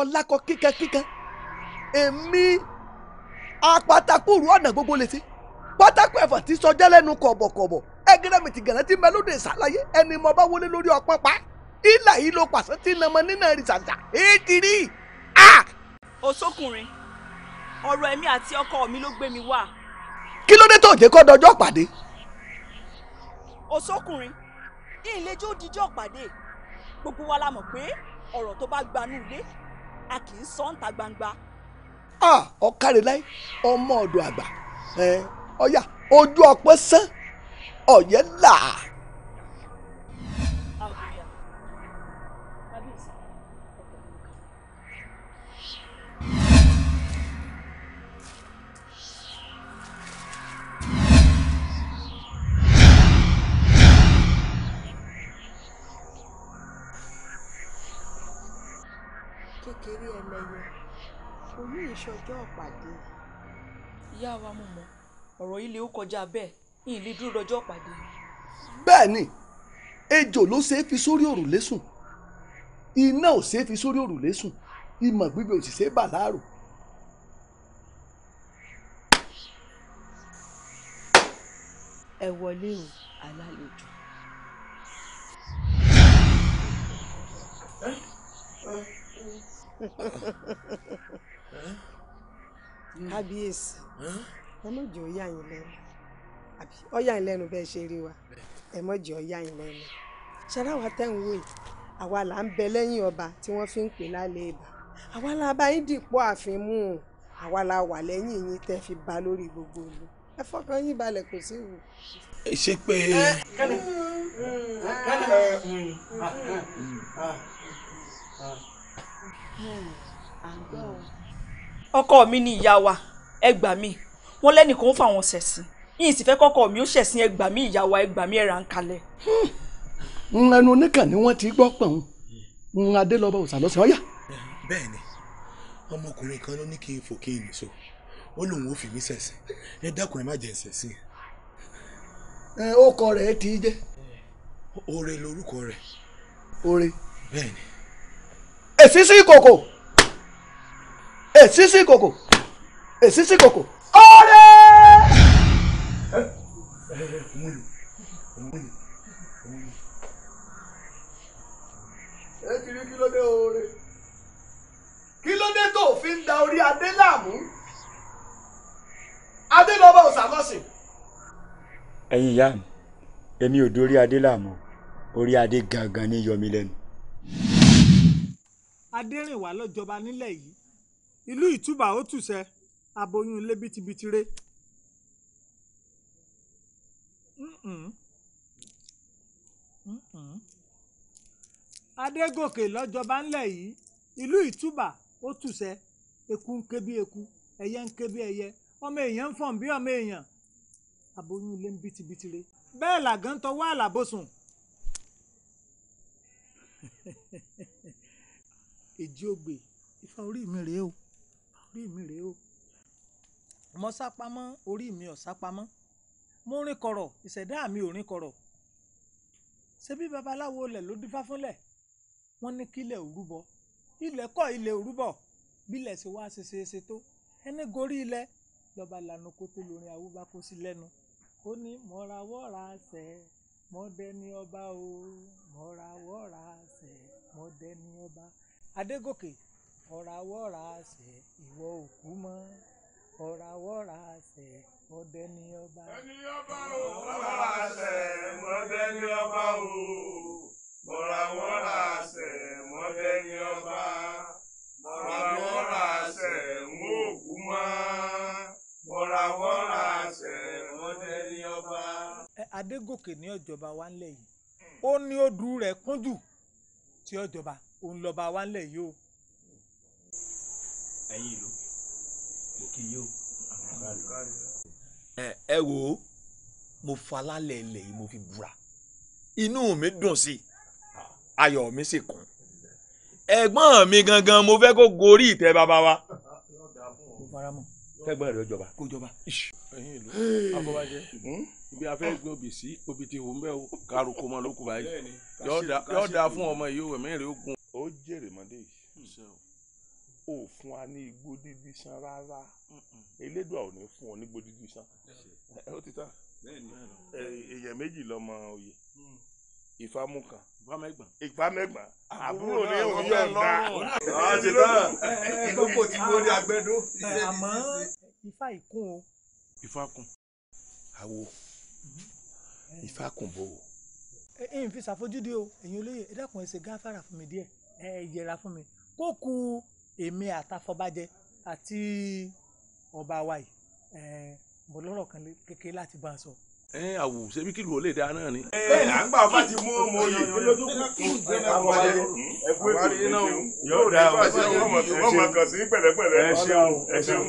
lákọlákọ kíkankíkan èmi apatakùrù ọ̀nà gbogbo lè ṣe pátákó ẹ̀fọ́ ti sọjá lẹ́nu kọ̀bọ̀kọ̀bọ̀ ẹgẹrẹmì ti gànà tí mẹlódé ṣàlàyé ẹni mo bá wọlé lórí ọpọ́n pa ìlà yìí ló pàṣẹ tí nàmọ nínà rí ṣàṣà èjì rí a. òṣókùnrin ọ̀rọ̀ ẹ̀mí àti ọkọ mi ló gbé mi wá. kí ló dé tó jẹ́ kó dọjọ́ pàdé. òṣókùnrin ìlẹjọ òdìjọ pàdé gbogbo wa la mọ̀ pé ọ̀rọ̀ tó bá gbanú ilé a kì í sọ ńta gbangba. ọ̀kàrẹ̀ láì ọmọ ọ̀dọ̀ àgbà ọ̀yà ojú ọpẹ́ sán ọ̀yẹ́ làá. ṣọjọ́ ìpàdé. ìyá wa mo mọ ọ̀rọ̀ yìí lè ó kọjá bẹ́ẹ̀ ní ìlú dúró dọjọ́ ìpàdé. bẹ́ẹ̀ ni ejò ló ṣeé fi sórí òrùlé sùn iná ò ṣeé fi sórí òrùlé sùn ìmọ̀ gbígbé ò sì ṣeé bà láàrò. ẹ wọlé o alálejò. ẹ ẹ kábíyèsí ẹ mọ̀ jẹ́ ọ̀yà yín lẹ́nu àbí ọ̀yà yín lẹ́nu bẹ́ẹ̀ ṣe rí wa ẹ mọ̀ jẹ́ ọ̀yà yín lẹ́nu ṣaláwa tẹ̀ yìí àwa là ń bẹ lẹ́yìn ọba tí wọ́n fi ń pè lálẹ́ ìbà àwa la bá yín dìpọ̀ àfin mú un àwa la wà lẹ́yìn yín tẹ́ fi ba lórí gbogbo ìlú ẹ fọkàn yín balẹ̀ kò sí ìwò. ẹ ṣe pé. kẹ́lẹ́ ọkọ mi ni ìyá wa ẹ gbà mí wọn lẹ́nìkan ó fàwọn ṣẹ̀sìn yìí sì fẹ́ kọ́kọ́ mi ó ṣẹ̀sìn ẹ gbà ìyá wa ẹ gbà mí ẹ̀rà ń kalẹ̀. Hmm. ẹnu oníkà ni wọ́n ti gbọ́ pẹ̀hún ń adé lọ́ba òsà lọ́sẹ̀ ọ́yà. bẹ́ẹ̀ ọmọkùnrin kan ló ní kí n fò kí n nìṣó ó lóun ó fi mí ṣẹ̀sìn ẹ dákun ẹ má jẹ́ ṣẹ̀sìn. ẹ ó kọ ti jẹ́. Oore lorúkọ rẹ̀. Oore. bẹ́ẹ̀ èsì sí ìkòkò èsísí kòkò èsísí kòkò ọ̀rẹ́. ẹ ti rí kí ló dé oore kí ló dé tó fi ń da orí adé láàmú adé lọ́ba òsàmọ́sìn. ẹ̀yin ìyá mi èmi ò dórí adé láàmú orí adé gangan ní yọmí lẹ́nu. adérìnwá ló jọba nílẹ̀ yìí ìlú ìtúbà ó tùṣẹ aboyún ilé bítíbitì ré. adégòkè lọ́jọba ńlẹ̀ yìí ìlú ìtúbà ó tùṣẹ eku ń ké bí eku ẹyẹ ń ké bí ẹyẹ ọmọ èèyàn ń fọ̀n bí ọmọ èèyàn aboyún ilé ń bítíbitì ré bẹ́ẹ̀ làgán tọwọ́ àlàbòsùn èjì ògbè ifá orí mi rèé o orí mi rèé o mo sá pamọ́ orí mi ò sá pamọ́ mo rìn kọ̀rọ̀ ìṣẹ̀dá mi ò rìn kọ̀rọ̀ ṣebí babaláwo lẹ̀ ló dífá fúnlẹ̀ wọ́n ní kílẹ̀ òrúbọ ilẹ̀ kọ́ ilẹ̀ òrúbọ bílẹ̀ ṣe wá ṣe ṣeéṣe tó ẹni gorí ilẹ̀ lọ́ba lànà kó tó lórin awó bá kó sí lẹ́nu ó ní mọ̀rawọ́ra ṣẹ̀ mọ̀dẹ́ni ọba o mọ̀rawọ́ra ṣẹ̀ mọ̀dẹ́ni ọba adégòkè ọ̀ràwọ̀rà àṣẹ ìwọ òkú mọ́ ọ̀ràwọ̀rà àṣẹ ọdẹ ní ọba. ẹni ọba o ọ̀ràwọ̀rà àṣẹ mọ́dẹ ní ọba o ọ̀ràwọ̀rà àṣẹ mọ́dẹ ní ọba ọ̀ràwọ̀rà àṣẹ mú òkú mọ́ ọ̀ràwọ̀rà àṣẹ mọ́dẹ ní ọba. Adégòkè ní ọjọba wa ńlẹ̀ yìí ó ní ó dúró rẹ̀ kúnjù tí ọjọba òun lọba wa ńlẹ̀ yìí o ẹ̀yin ìlú kò kí yóò. ẹ wò ó mo falálẹ̀ ilẹ̀ yìí mo fi búra inú mi dùn sí i ayọ̀ mi sì kún ẹ̀gbọ́n mi gangan mo fẹ́ kó gorí ìtẹ́ bàbá wa. kẹgbọn rẹ jọba kó jọba. ẹ̀yin ìlú afọbajẹ hmm? ibi afẹ́ gbin sí obì ti hù mbẹ́ o kàrú kó mọ lóko yọ̀ọ́ da fún ọmọ yìí o ẹ̀mí rẹ̀ ó gun. ó jèrè mọ́dé yìí. Hmm ò fún wa ní igbó dídí san rárá elédùà ò ní fún ọ ní igbó dídí san ó ti tán èèyàn méjì lọmọ oyè ìfàmù kan ìfàmẹgbà àbúrò ní òun yóò dá ọ ah, ti tán ìgbókò tí mo ní agbẹdó. àmọ́ ifá ìkún o. ifá kún. àwo eh. ifá kún bò ó. Eh, ẹ ẹ ń fi ṣàfojúdi o ẹ̀yin olóye ẹ dákun ẹ ṣe gáfárà fún mi díẹ̀ ẹ yẹra fún mi kó ku èmi àtàfọ̀bàjẹ́ àti ọba wa yìí mo lọ́rọ̀ kan kékeré láti bá a sọ. ẹ àwò ṣebí kìlú olè dáa náà ni. ẹ à ń gbà bá ti mú ọmọ yìí olójúkú fún àfọ̀bàjẹ́ ẹkú yóò dáa o ṣe wọn ẹ ṣeun ẹ ṣeun.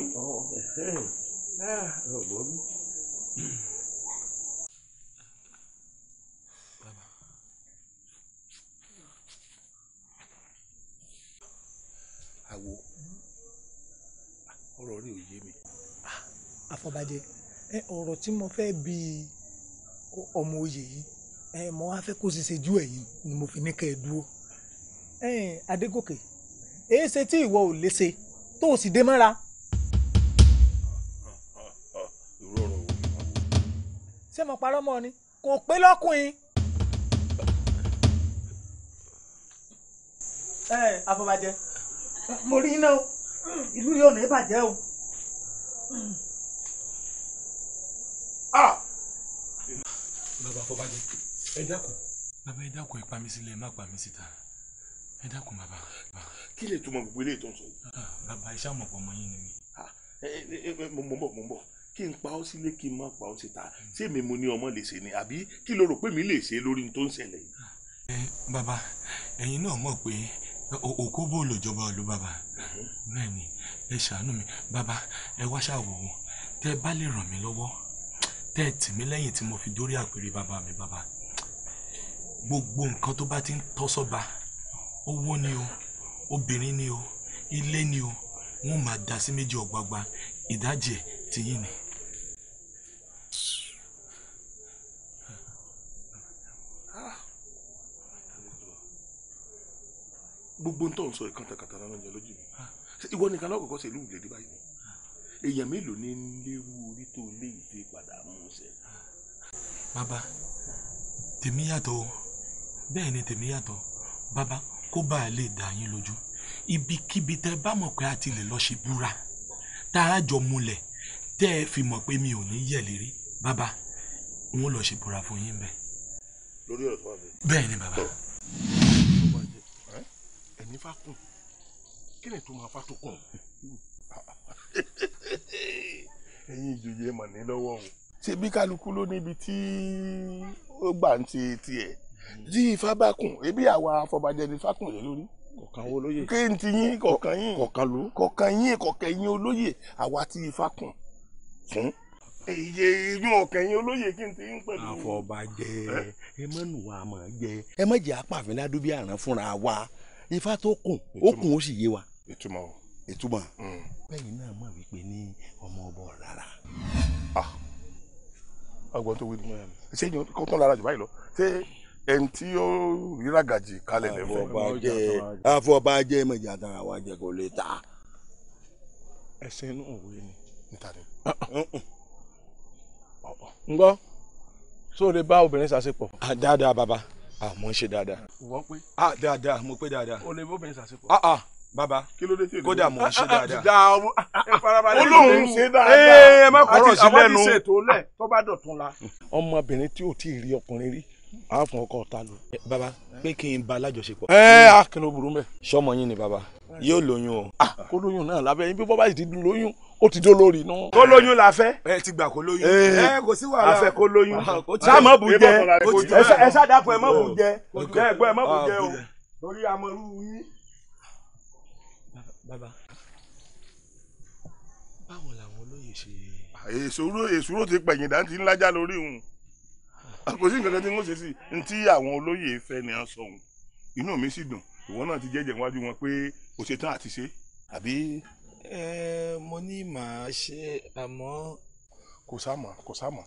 Adé ẹ ọ̀rọ̀ tí mo fẹ́ bi ọmọ oyè yìí ẹ mo wá fẹ́ kó ṣiṣẹ́ ju ẹ̀yìn ni mo fi ní kẹ́ ẹ dúró ẹ Adégòkè èé ṣe tí ìwọ ò léṣe tó o sì dé mọ́ra. ṣé mo parọ́ mọ́ ni kò pé lọ́kùnrin. ẹ afọbajẹ mo rí iná ìlú yóò ní bàjẹ́ o. afọbajẹ ẹ dákun. bàbá ẹ dákun ẹ pa mí sílẹ̀ ẹ má pa mí síta ẹ dákun bàbá. kí lè túmọ̀ gbogbo eléyìí tó ń sọ yìí. Ah, bàbá iṣẹ́ àmọ̀pọ̀ ọmọ yín ni mi. Ah, mo ń bọ̀ mo ń bọ̀ kí n pa ọ́ sílé kí n má pa ọ́ síta ṣé èmi mo ní ọmọ lè ṣe ni àbí kí ló rò pé mi lè ṣe lórí tó ń ṣẹlẹ̀ yìí. Ah, bàbá ẹ̀yin náà mọ̀ pé òkú bò lòjọba òlu bàbá mhm. bẹ́ẹ̀ ni ẹ ṣàánú mi bàbá ẹ wáṣà wò ó tẹ́ bá lè ràn mí lọ́wọ́ tẹ́ ẹ̀ tì mí lẹ́yìn tí mo fi dórí àpèrè bàbá mi bàbá gbogbo nǹkan tó bá ti ń tọ́ sọ́ba owó ni o obìnrin ni o ilé ni o wọ́n máa dá sí méjì ọ̀gbagba ìdajì ẹ̀ tìyín ni. gbogbo ń tọ́ ń sọ ìkàntàkàtà náà lọ́jọ́ lójú mi ìwọ nìkan lọ́kọ̀ọ́kọ́ sí ìlú ìgbèdè báyìí èèyàn mélòó ní léwu orí tó lè fi padà mú un ṣe. bàbá tèmi yàtọ̀ o bẹ́ẹ̀ ni tèmi yàtọ̀ bàbá kó bá a lè dà yín lójú ibikíbi tẹ bá mọ̀ pé a ti lè lọ ṣe búra tá a jọ múlẹ̀ tẹ́ ẹ fi mọ̀ pé mi ò ní yẹ̀ lérí bàbá n ó lọ ṣe búra fún yín bẹ́ẹ̀. lórí ọ̀rọ̀ tó wà bẹ́ẹ̀. bẹ́ẹ̀ ni bàbá. ẹni fa kùn kí ni tó máa fa tó kùn. ẹ̀yin ìjòyè mà ní lọwọ o ṣe bí kálukú ló níbi tí ó gbà ń ti tiẹ̀ tí ifá bá kùn ebi àwa afọbajẹ ni fákùn yẹn lórí kọ̀ọ̀kan wo lóye kí n ti yín kọ̀ọ̀kan yín kọ̀ọ̀kan ló kọ̀ọ̀kan yín kọ̀ọ̀kan yín olóye àwa tí ifá kùn fún èyí inú ọkàn yín olóye kí n ti ń pẹ̀lú. àfọ̀bàjẹ ẹ mọ nù wá mọ jẹ ẹ mọ jẹ apàfin ládùúgbò àràn fúnra wa ifá tó kùn ó kùn ó sì yé wa. ìtumọ̀ o ìtumọ̀. Mm. bẹ́ẹ̀ni náà mọ̀ wípé ní ọmọ ọbọ̀ rárá. ọgbọ́n ah. tó wí ni eh, ṣé èèyàn kò tán lára jù báyìí lọ ṣé ẹni tí ó ríra gàjì kalẹ̀ lẹ́fẹ̀ẹ́. àfọ̀bàjẹ́ mẹ̀jà tara wa jẹ kó lè ta. ẹsẹ̀ inú òwe ni níta ni. ń gbọ́ sóò lè bá obìnrin ṣàṣepọ̀. Ah, dáadáa bàbá àmọ́ ah, ṣe dáadáa. wọ́n pé. dáadáa mo pé dáadáa. o lè bá obìnrin ṣàṣepọ̀. Baba, ah, ah, ah, kí ló kódà mò ń ṣe dáadáa olóhùn eh, ẹ má kọrọ sí lẹ́nu ọmọbìnrin tí ò tí rí ọkùnrin rí a ọkọ ọ̀tá lò. Eh, bàbá pé kí n ba alájọṣepọ̀. ẹ eh, á kí burú mẹ. sọmọ yín ni bàbá yóò lóyún o. kó lóyún náà lábẹ́ yín bí bọ́ bá ti lóyún ó ti dó lórí inú. kó lóyún la fẹ́. ẹ ti gbà kó lóyún. ẹ kò sí wàhálà. a kó lóyún. sá mọ̀ bù jẹ ẹ sá dàpọ̀ ẹ mọ̀ bù oh. jẹ ẹ gbọ́ ẹ mọ̀ bù jẹ o torí amọ̀rú yín bàbá báwo làwọn olóyè ṣe. èsòro èsòro ti pẹ̀yìn dáńtì ńlájà lórí òun kò sí nǹkan kan tí wọ́n ṣe sí i ntí àwọn olóyè fẹ́ ni wọ́n sọ òun inú mi sì dùn ìwọ náà ti jẹ́jẹ̀ wájú wọn pé o ṣe tán àti ṣe àbí. ẹ mo ní màá ṣe àmọ́. kò sáàmà kò sáàmà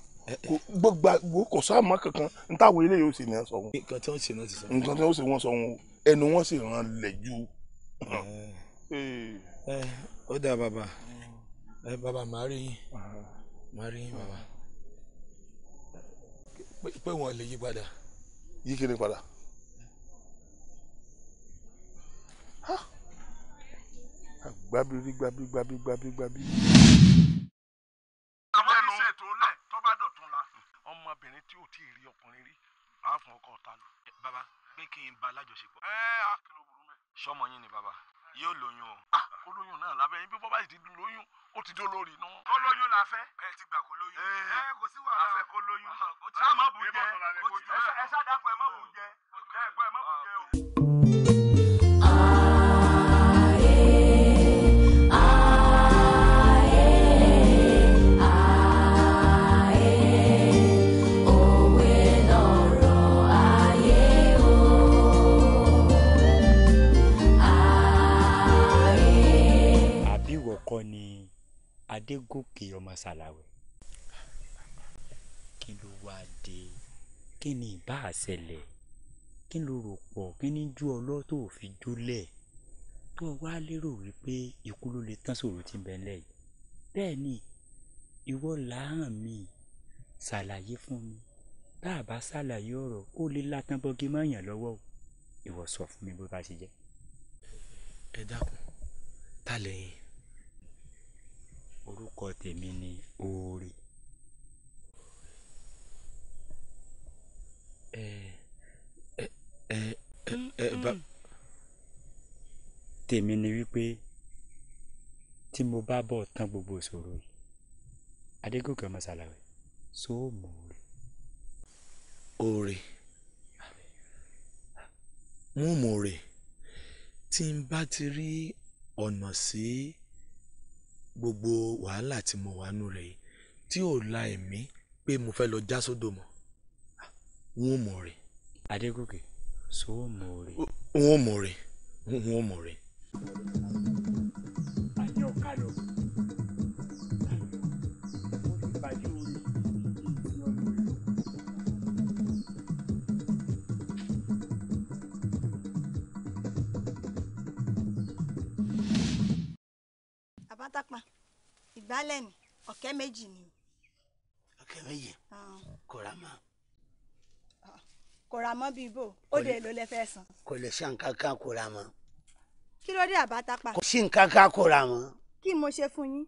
gbogbo kò sáàmà kankan ntáwọn eléyìí ó sì ní sọ òun. nǹkan tí wọ́n ṣe náà ti sọ. nǹkan tí wọ́n ṣe wọ́n sọ òun ẹnu wọn sì ràn lẹ̀ ju ẹ eh, ó dáa bàbá ẹ eh, bàbá màá rí yín màá rí yín bàbá pé wọn lè yí padà. yí kíni padà. gbábírí gbábí gbábí gbábí gbábí. ọmọbìnrin tí ò tí rí ọkùnrin rí á fún ọkọ ọ̀tá lu. bàbá pé kí n ba alájọṣepọ̀. Eh, ẹ yín ni bàbá yóò lóyún o. Ah, ó lóyún náà lábẹ́ yín bí bọ́ bá ti lóyún ó ti dó lórí inú. kó lóyún la fẹ́. ẹ ti gbà kó lóyún. ẹ eh, eh, kò sí wàhálà. a fẹ́ kó lóyún. ṣá ah, má bù jẹ ẹ ṣá dàpọ̀ ẹ má bù jẹ ẹ gbọ́ ẹ má bù jẹ o. Ah, adégòkè ọmọ sàlàwẹ kí ló wáá dé kí ni ìbá àṣẹlẹ̀ kí ló rò pọ̀ kí ni ju ọlọ́tò fi jólẹ̀ tó wá lérò wípé ikú ló lè tán sòrò tí ń bẹ lẹ́yìn ni ìwọ làárọ̀ mi ṣàlàyé fún mi tá a bá ṣàlàyé ọ̀rọ̀ ó lè látàn bọ́gí mọ́yàn lọ́wọ́ o ìwọ sọ fún mi bó bá ṣe jẹ́. ẹ dákun ta lẹ́yìn Orúkọ tèmi ni Oore. Ẹ, ẹ, ẹ, ẹ, bá tèmi ni wípé tí mo bá bọ̀ tán gbogbo ìṣòro yìí, Adégòkè ọmọ Sàlàwé, ṣó o mọ Oore? Oore. N ó mọ Oore. Tí n bá ti rí ọ̀nà sí gbogbo wàhálà tí mo wà nù rẹ̀ yìí tí ò la ẹ̀mí pé mo fẹ́ lọ já sódò mọ́ wọn ò mọ̀ rẹ̀. Adégòkè so wọn ò mọ̀ rẹ̀. wọn ò mọ̀ rẹ̀ wọn ò mọ̀ rẹ̀. ìgbálẹ̀ ni ọ̀kẹ́ méjì ni. ọ̀kẹ́ méjì ah. kò rà mọ́. Ah, kò rà mọ́ bíi bò ó dé ló lè fẹ́ san. kò lè ṣe nǹkan kan kò rà mọ́. kí ló dé àbátapà. kò sí nǹkan kan kò rà mọ́. kí mo ṣe fún yín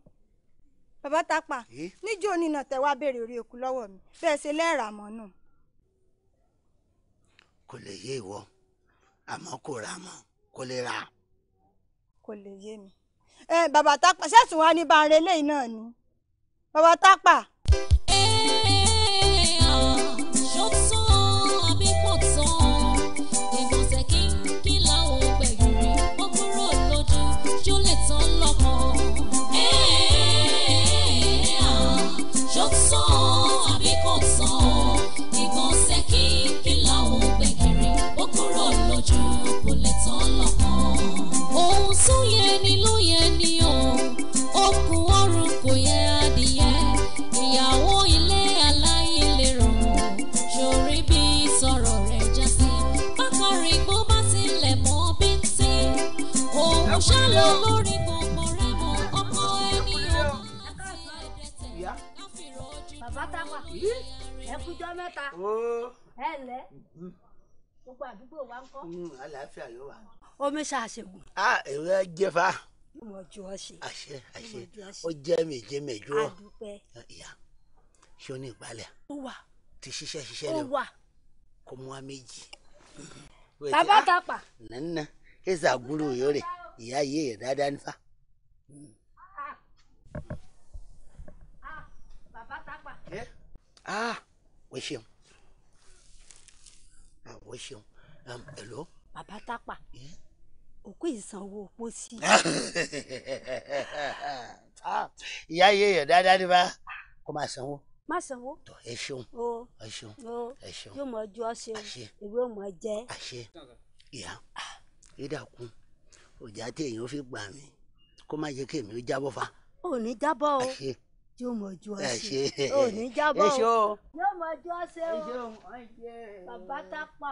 bàbá níjó nínà tẹ béèrè orí òkú lọ́wọ́ mi bẹ́ẹ̀ ṣe lẹ́ẹ̀rà mọ́ nù. kò lè yé ìwọ àmọ́ kò rà mọ́ kò lè rà. kò lè yé mi Eh, bàbá tápà sẹ́sùn wa ní bá ń relé yìí náà ni bàbá tápà. Eh, eh, oh. pẹ̀lẹ́ gbogbo àdúgbò mm, a èrè jẹfa. mo ju ọ àṣẹ àṣẹ ó jẹ méje mẹjọ. àdúpẹ́. ìyá ṣé o ní ìgbálẹ̀. ó wà. ti ṣiṣẹ́ ṣiṣẹ́ ni ó wà. kò mú wa méjì. bàbá tàpá. Ah, nana ẹsẹ àgúrò yóò rè ìyá yìí yẹ dáadáa nífa. Mm. Ah, ah, bàbá tàpá. Eh? ah o ṣeun àwọ̀ ṣeun ẹ̀lọ́. bàbá tápà òkú ìsanwó opó sí. Ah, ìyá yé èèyàn dáadáa ní bá kó máa sanwó. má sanwó. tọ ẹ ṣeun ẹ ṣeun ẹ ṣeun. yóò mọ ojú ọ ṣeun ìwé ò mọ jẹ. àṣẹ ìyá ìdàkùn òjà tí èèyàn fi gbà mí kó má jẹ kí èmi ó jábọ́ fa. ò ní jábọ́ o. àṣẹ yóò mọ ju ọsẹ ò ní jábọ o yóò mọ ju ọsẹ o bàbá tápà.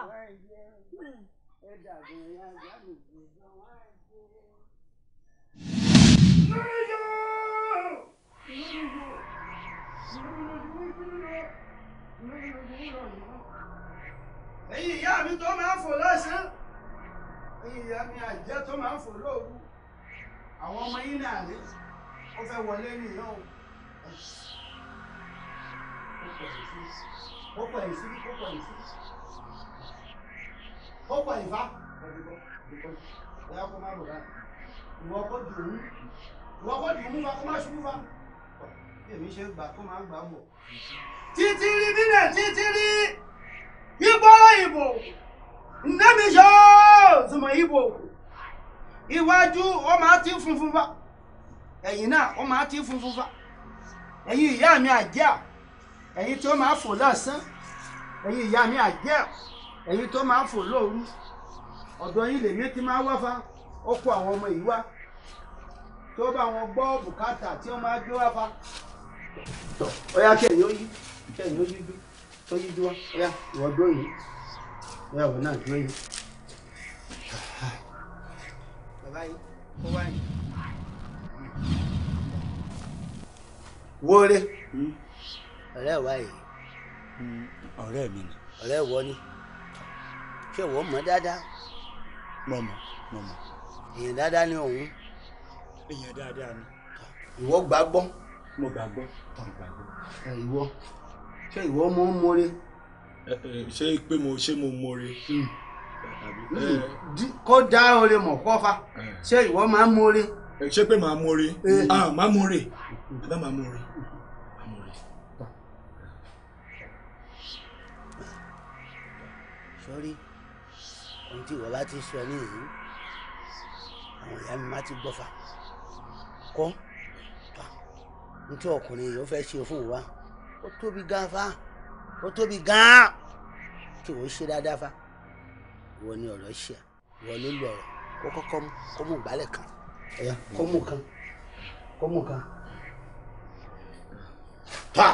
ẹ̀yin ìyá mi tó máa ń fò lọ́sàn-án ìyá mi àjẹ́ tó máa ń fò lóru àwọn ọmọ yín náà lé ó fẹ́ wọlé nìyẹn o ọkọ̀ yìí sí ọkọ̀ yìí sí ọkọ̀ yìí fa ọ̀yà kó má lò rà ìwọ ọkọ̀ dùn ún ìwọ ọkọ̀ dùn ún mú fa kó má ṣubú fa èmi ṣe gbà kó má gbà bọ̀. títí rí bílẹ̀ títí rí ìbọ̀rọ̀ ìbò nnẹ́mi ṣe zùmọ̀ ìbò iwájú ó máa ti funfun fa ẹ̀yìn náà ó máa ti ẹ̀yin ìyá mi àjẹ́ à tí tó máa fò lásán ẹ̀yin ìyá mi àjẹ́ à tí tó máa fò lóru ọ̀dọ̀ yín lèmi ti máa wá fa ó kó àwọn ọmọ yìí wá tó bá wọn gbọ́ bùkátà tí wọ́n máa gbé wá fa wóore. Hmm. ọ̀rẹ́ wa yìí. Hmm, ọ̀rẹ́ mi ni. ọ̀rẹ́ wọ ni ṣé wọ́n mọ̀ dáadáa. mọ̀ mọ̀ mọ̀ mọ̀. èèyàn dáadáa ni òun. èèyàn dáadáa ni. ìwọ gbàgbọ́. mo gbàgbọ́ mo gbàgbọ́. ẹ ìwọ ṣé ìwọ mọ ń mọre. ṣé pé mo ṣé mo mọre. Hmm. kó dá oore mọ̀ kọ́ fa ṣé ìwọ máa ń mọre ṣé pé màá mú orí ah màá mú orí àbá màá mú orí. sọ́rí ohun tí ìwọ bá ti sọ nìyí àwọn ìyá mi má ti gbọ́fà kọ́ ohun tí ọkùnrin yìí ó fẹ́ ṣe fún wa ó tóbi gan fa ó tóbi gan kí wọ́n ṣe dáadáa fa wọ́n ní ọ̀rọ̀ ṣe wọ́n ló lọ ọ̀rọ̀ kó kọ́kọ́ kó mú ìgbálẹ̀ kan ẹ̀yà kọ́mù kan kọ́mù kan. pa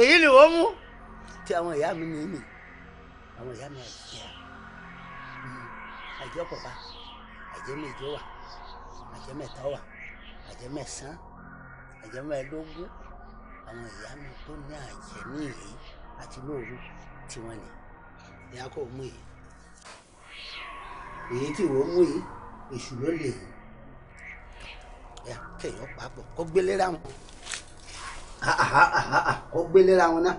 èyí ni wọ́n mú tí àwọn ìyá mi ní ìmì àwọn ìyá mi àjẹ́ àjẹ́ pọ̀pá àjẹ́ méje wà àjẹ́ mẹ́ta wà àjẹ́ mẹ́sàn-án àjẹ́ mẹ́ẹ̀ẹ́dógún àwọn ìyá mi tó ní àjẹ́ ní ìrèé àti lóòrú tiwọn ni ìyá kò mú èyí. èyí tí wọ́n mú yìí èṣù ló lè kéèyàn papọ̀ kó gbélera wọn kó gbélera wọn náà.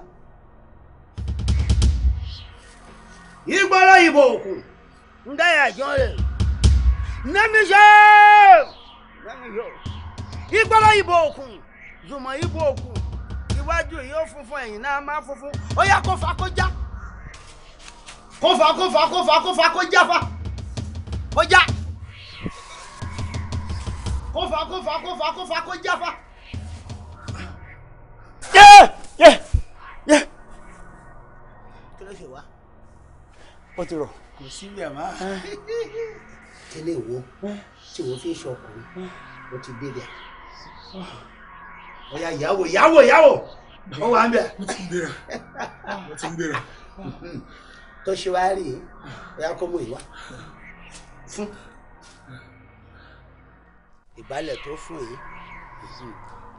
ìgbọ́rọ̀ ìbò òkú ń jọ rẹ̀ nẹ́míṣẹ́ nẹ́míṣẹ́ ìbò òkú jùmọ̀ ìbò òkú iwájú yóò funfun ẹ̀yìn funfun ó yá kó fa kó já kó fa ó já kó fa kó fa kó fa kó fa kó já fa. yé yé yé. kí ló ṣe wá. ó ti rọ. kò sí ilé àmọ́. tẹ́lẹ̀ wo tí wọ́n fi ń ṣọkùnrin ó ti dé bẹ́ẹ̀. ọ̀ya yàwó yàwó yàwó wọ́n wà ń bẹ̀. mo ti ń gbéra mo ti ń gbéra. tó ṣe wá rí i ó kó mú ìwá fún ìbálẹ̀ tó fún yìí hmm,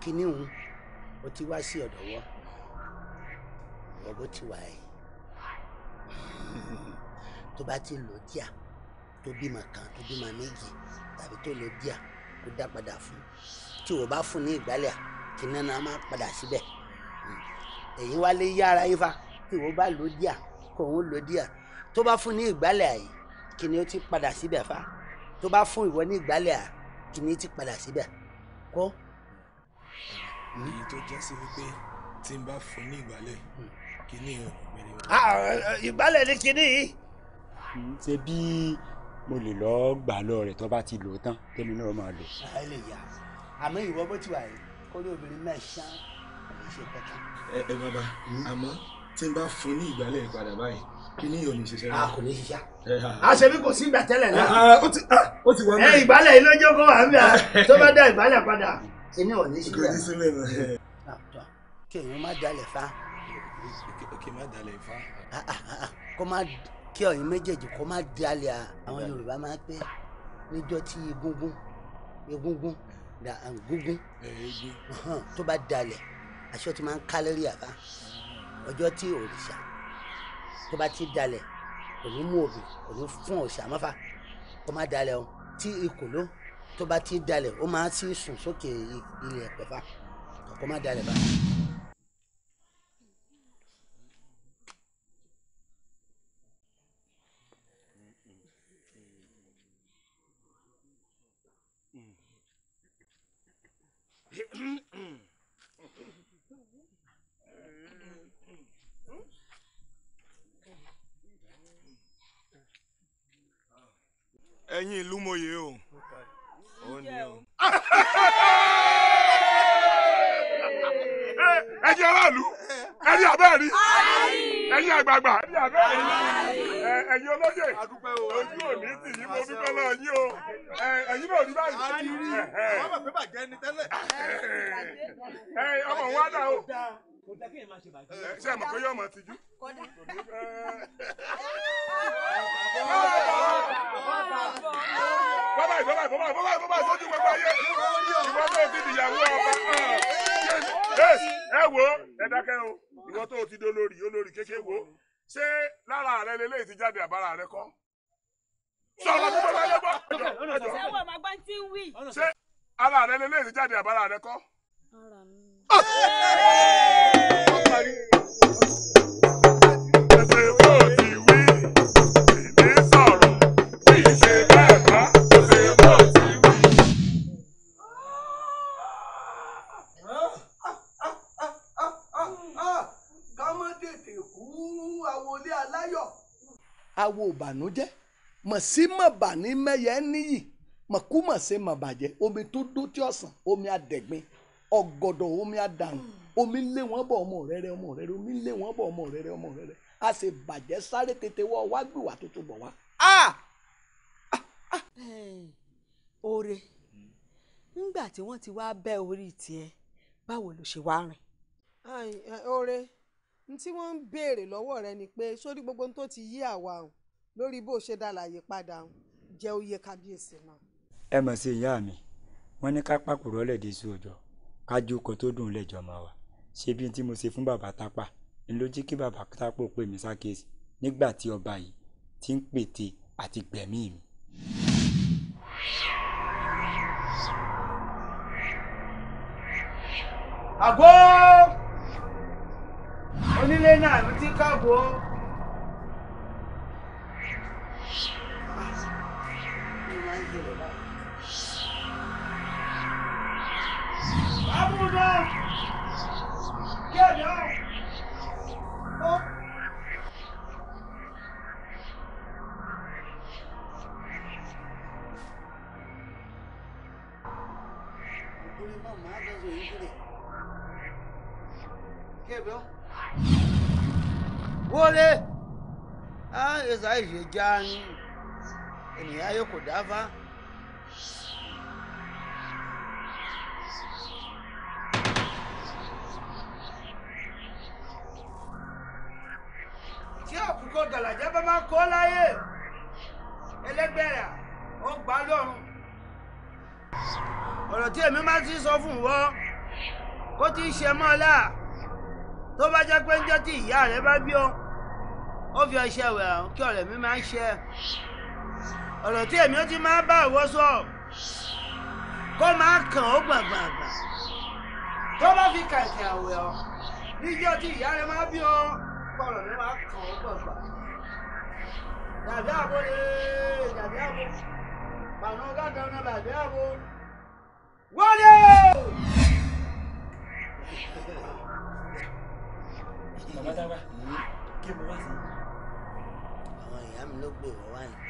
kíní òun ó ti wá sí ọ̀dọ̀ wọ́ wọ́n bó ti wà yìí tó bá ti lò díà tó bímọ kan tó bímọ méjì tàbí tó lò díà kó dá padà fún tí o bá fún ní ìgbálẹ̀ kíní náà máa padà síbẹ̀ hmm, èyí wá lè yára yín fa tí o bá lò díà kó òun lò díà tó bá fún ní ìgbálẹ̀ yìí kìnìún ti padà síbẹ̀ fa tó bá fún ìwọ ní ìgbálẹ̀ à kìnìún ti padà síbẹ̀ kó. Hmm? èyí tó jẹ́ sí wípé tí n bá fún ní ìgbálẹ̀ kìnìún gbèrè wá. ìgbálẹ̀ ni kìnìún yìí. Hmm, ṣé bí mo lè lọ gbà lọ rẹ tó bá ti lò tán tèmi náà máa lò. Ah, ẹ lè yà àmọ́ ìwọ bó ti wà yìí kó ní obìnrin náà ṣá ẹ ṣe pẹ̀tà. ẹ ẹ bàbá hmm? àmọ́ tí n bá fún ní ìgbálẹ̀ ìpadà báyìí kí ni ò lè ṣiṣẹ́ rẹ̀. a kò lè ṣiṣẹ́. aṣọ mi kò sí ìgbà tẹ́lẹ̀ náà. Ah, ah, ó ti ah, wà mí. ìgbálẹ̀ ilé ọjọ́ kan wà ń bẹ̀ tó bá dá ìgbálẹ̀ padà kí ni ò ní ṣiṣẹ́. kò ní sílẹ̀ náà. kí èèyàn má dalẹ̀ fa. kí má dalẹ̀ fa. kó má kí ọ̀yin méjèèjì kó má dalẹ̀ àwọn Yorùbá máa pẹ́ níjọ́ tí egungun egungun da gúngún tó bá dalẹ̀ aṣọ tó máa ń kálẹ́rì àbá ọjọ́ tí òrìṣà tó bá ti dalẹ̀ kò ní mú obì kò ní fún òrìṣà mọ́fà kó má dalẹ̀ o tí ìkòló tó bá ti dalẹ̀ ó máa ti sùn sókè ilẹ̀ pẹ̀fà kó má dalẹ̀ báyìí. mm ẹ̀yin ìlú mòye o ó ní o ẹ̀yin aráàlú ẹ̀yin abẹ́ẹ̀rí ẹ̀yin àgbààgbà ẹ̀yin abẹ́ẹ̀rí ẹ̀yin olóyè ojú òní tì yí mo dúpẹ́ náà yín o ẹ̀yin náà rí báyìí. a ti rí ọmọ pé bàjẹ́ ni tẹ́lẹ̀. ọmọ wa dà o ṣe mọ̀ pé yóò mọ̀ tijú. bàbá ìbọ̀bà ìbọ̀bà ìbọ̀bà ìbọ̀bà ìtọ́jú gbogbo ayé ìwọ́n tó ti dìyàwó ọba. Yes, ẹ wo ẹ dákẹ́ o ìwọ tó o ti dolórí olórí kékeré wo ṣé lára rẹ lélẹ́yìí ti jáde àbára rẹ kọ́ sọ̀rọ̀ tó bá yẹ gbọ́. ṣé wọ́n máa gbọ́ tí ń wí. ṣé ara rẹ lélẹ́yìí ti jáde àbára rẹ kọ́. ara mi. mọ̀sí mọ̀bà ní mẹ́yẹ níyì mọ̀kú mọ̀sí mọ̀bàjẹ́ omi tó dó tí ọ̀sán omi adẹ̀gbin ọ̀gọ̀dọ̀ omi adànù omi lé wọn bọ̀ ọmọ rere ọmọ rere omi lé wọn bọ̀ ọmọ rere ọmọ rere a sì bàjẹ́ sáré tètè wọ wá gbé wà tuntun bọ̀ wá. ọ̀rẹ́ nígbà tí wọ́n ti wá bẹ́ orí tiẹ̀ báwo ló ṣe wá rìn. ọ̀rẹ́ tí wọ́n ń béèrè lọ́wọ́ rẹ ni pé sórí gbogbo tó ti yí àwa o lórí bó ṣe dàlàyé padà jẹ́ oyè kábíyèsí náà. ẹ mọ̀ sí ìyá mi wọ́n ní ká pàkúrọ̀ lẹ́ẹ̀dẹ̀ sí òjò kájú kan tó dùn lẹ́jọ́ máa wà ṣé bí tí mo ṣe fún bàbá tápà ń ló jí kí bàbá tápò pè mí sákèsì nígbà tí ọba yìí ti ń pète àti gbẹ̀mí mi. àgbo onílé náà ti káàbọ̀. Vamos, Get down! Oh. Pulei mamadas aí, pulei. Quebrou. Olê! Ah, exagero, já não ènìyàn ayọ́ kò dáfá. tí àkùkọ gàlàjẹ́ bá máa kọ́ láyé ẹlẹ́gbẹ̀rẹ̀ ó gbà lọ́rùn ọ̀rọ̀ tí èmi máa ti sọ fún wọ́ ó ti ń ṣe mọ́lá tó bá jẹ́ pé ń jẹ́ tí ìyá rẹ bá bí ọ ó fi ọṣẹ wẹ̀ kí ọ̀rẹ́ mi máa ń ṣe ọ̀rọ̀ tí èmi ó ti máa bá ìwọ sọ kó máa kàn ó gbàngbàngbà tó bá fi kàìkì àwẹ̀ ọ níjọ́ tí ìyá rẹ máa bí ọ kọ̀rọ̀ ló máa kàn ó gbàngbà dàbí àbò lè dàbí àbò pàmò gàdán náà dàbí àbò wọlé. bàbá dábàá kí mo wá sí. àwọn ìyá mi ló gbé ìwọ wáyé.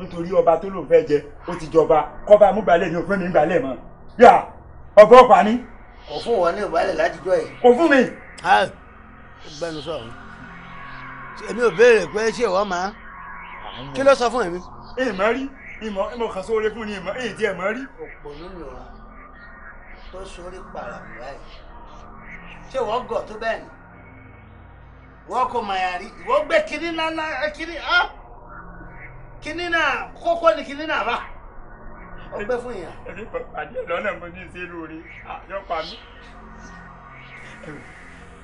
nítorí ọba tó lòun fẹ́ jẹ ó ti jọba kọ́ba múgbàlẹ̀ ni òfin mi ń gbàlẹ̀ mọ́ yà ọ̀bọ ọ̀pá ni. kò fún wọn ní ìbálẹ̀ látijọ́ ẹ̀. kò fún mi. a gbẹnu sọ̀rọ̀ èmi ò béèrè pé ṣé ìwọ máa kí ló sọ fún èmi. ìmọ̀ rí ìmọ̀ ìmọ̀ kan sóore fún ni ìmọ̀ èyí tí ẹ̀ mọ̀ rí. òpò nínú wa tó sórí pàràmì báyìí ṣé ìwọ gọ̀ tó bẹ́ẹ̀ ni wọ́n kò máa yà rí gbé kiri ńlá ńlá kiri kinní náà kọ́kọ́ ni kinní náà bá ọgbẹ́ fún yẹn. èmi pàdé lọ́nà mo ní ìṣe lórí àyọ̀pá mi.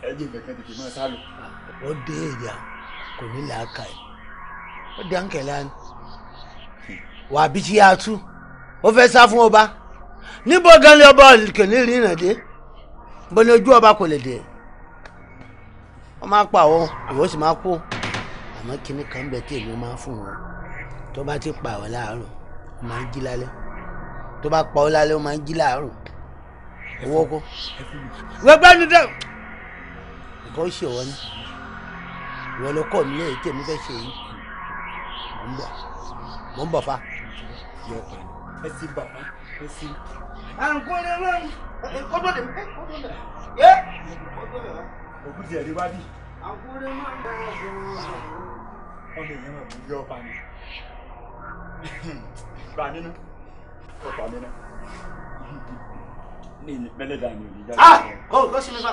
ẹ̀jẹ̀ mẹ̀kẹ́ tètè máa sá lọ. ó dé ìyá kò ní làákà ẹ̀ ó dá ń kẹ̀lá ni wà á bí tí a tú ó fẹ́ sá fún ọba níbo gan ni ọba kìnìún rìnnà dé bó ni ojú ọba kò lè dé wọ́n máa pa àwọn ìwọ́sì máa kó àmọ́ kinní kan bẹ tí èmi máa fún wọn tó bá ti pa ọ́ láàárọ̀ ó máa ń jí lálẹ́ tó bá pa ọ́ lálẹ́ ó máa ń jí láàárọ̀ owó kọ́. gbẹgbẹ́ ni dẹ́. nǹkan ó ṣèwọ́ ni ìwọ ló kọ́ mi èyí tèmi fẹ́ ṣe yìí mò ń bọ̀ mò ń bọ̀ fa. ẹ sì bà wá ẹ sì. àrùn kún ẹni ọlọ́run kó tó dé mi kó tó dé mi. òkú tiẹ̀ lé wá bí. àwọn ọmọ èèyàn máa ń yọ ọ́ pa ni gbà mí ná ọ̀pá mi ná ní ìpínlẹ̀ dànù ìjà. Ah! kọ́ kọ́ sí mi fa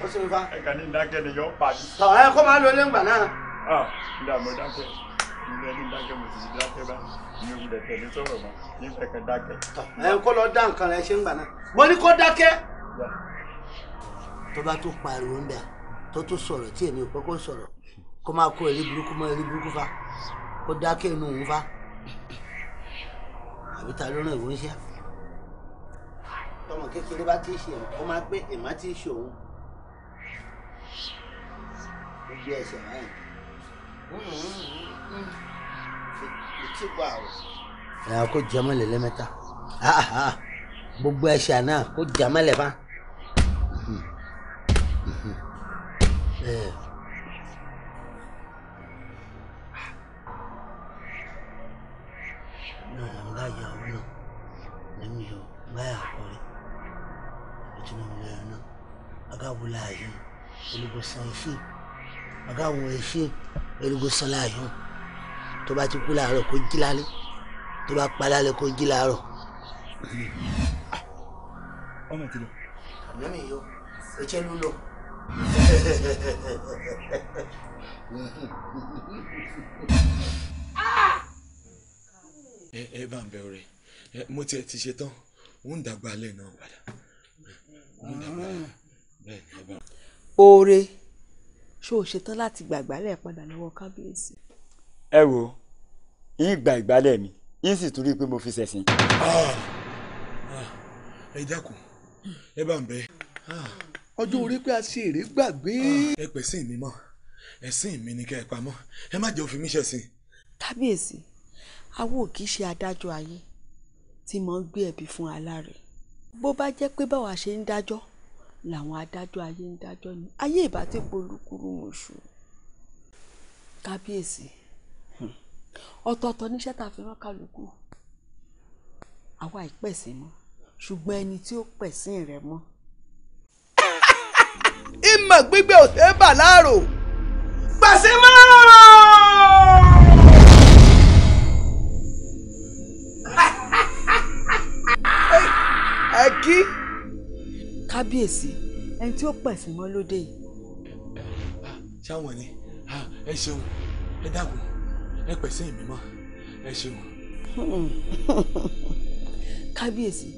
kọ́ sí mi fa. ẹ kàn ní ìdákẹ́ ni yọ pa mí. tọ ẹ kó máa lọ lẹ́ngbà náà. Ah! ìdààmú dákẹ́ ìgbẹ́ ní dákẹ́ mo ti dákẹ́ bá mi ò lẹ̀ tẹ̀lé sọ̀rọ̀ mọ́ ní ìfẹ̀kẹ́ dákẹ́. ẹ kó lọ dá nǹkan rẹ ṣe ń gbà náà mo ní kó dákẹ́. tó bá tó pariwo ń bẹ̀ tó tó sọ̀rọ̀ tí èmi ò kọ́kọ́ sọ̀rọ̀ kó máa kó èrè burúkú mọ́ èrè burúkú fa ó dákẹ́ inú òun fa àbí ta ló ràn ìwé iṣẹ́ tọmọ kékeré bá ti ṣe ó máa pé èèmá ti ṣe òun ó gbé ẹsẹ̀ láyìn etí pa àwọ̀. ẹ̀yà kó jamale lẹ́mẹ́ta gbogbo ẹ̀ṣà náà kó jamale fa. Yeah. magawulayo olùgbòsàn ìṣe magawun ìṣe olùgbòsàn láàyò tó bá ti kú láàárọ̀ kó jí lálẹ́ tó bá pa lálẹ́ kó jí láàárọ̀. ọmọ ti lọ. àmì mi yọ ẹjẹ ló lọ. ẹ ẹ bá ń bẹ ọ̀rẹ́ mo ti ṣe tán ó ń dàgbà alẹ́ náà ó ń dàgbà alẹ́ oore ṣó o ṣetán láti gba ìgbálẹ̀ padà lọ́wọ́ kábíyèsí. ẹ wo yín gba ìgbálẹ̀ mi yín sì tún rí i pé mo fi ṣẹ̀sìn. Ah, ah, ẹ dákun ẹ bá ń bẹ ọjọ́ orí pé a ṣe èrè gbàgbé. Ah, ẹ pẹ̀sìn mi mọ́ ẹ̀sìn mi ni kẹ́ ẹ pamọ́ ẹ má jẹ́ òfin mi ṣẹ̀sìn. kábíyèsí awo ò kì í ṣe adájọ́ ayé tí mo ń gbé ẹ̀bi fún aláre bó bá jẹ́ pé báwa ṣe ń dájọ́ làwọn adájọ́ ayé ń dájọ́ ni ayé ìbá ti polúkúrú mọ̀ṣù kábíyèsí hmm. ọ̀tọ̀ọ̀tọ̀ níṣẹ́ tá a fi rán kálukú àwa ìpẹ̀sìn mọ́ ṣùgbọ́n ẹni tí ó pẹ̀sìn rẹ̀ mọ́. ìmọ̀ gbígbé òṣèré bà láàrò pẹ̀sìn mọ́. kábíyèsí ẹni tí ó pẹ̀sìn mọ́ lóde yìí. Ah, ṣáwọn ni ah, ẹ ṣeun ẹ dàgùn ẹ pẹ̀sìn mi mọ́ ẹ ṣeun. Hmm. kábíyèsí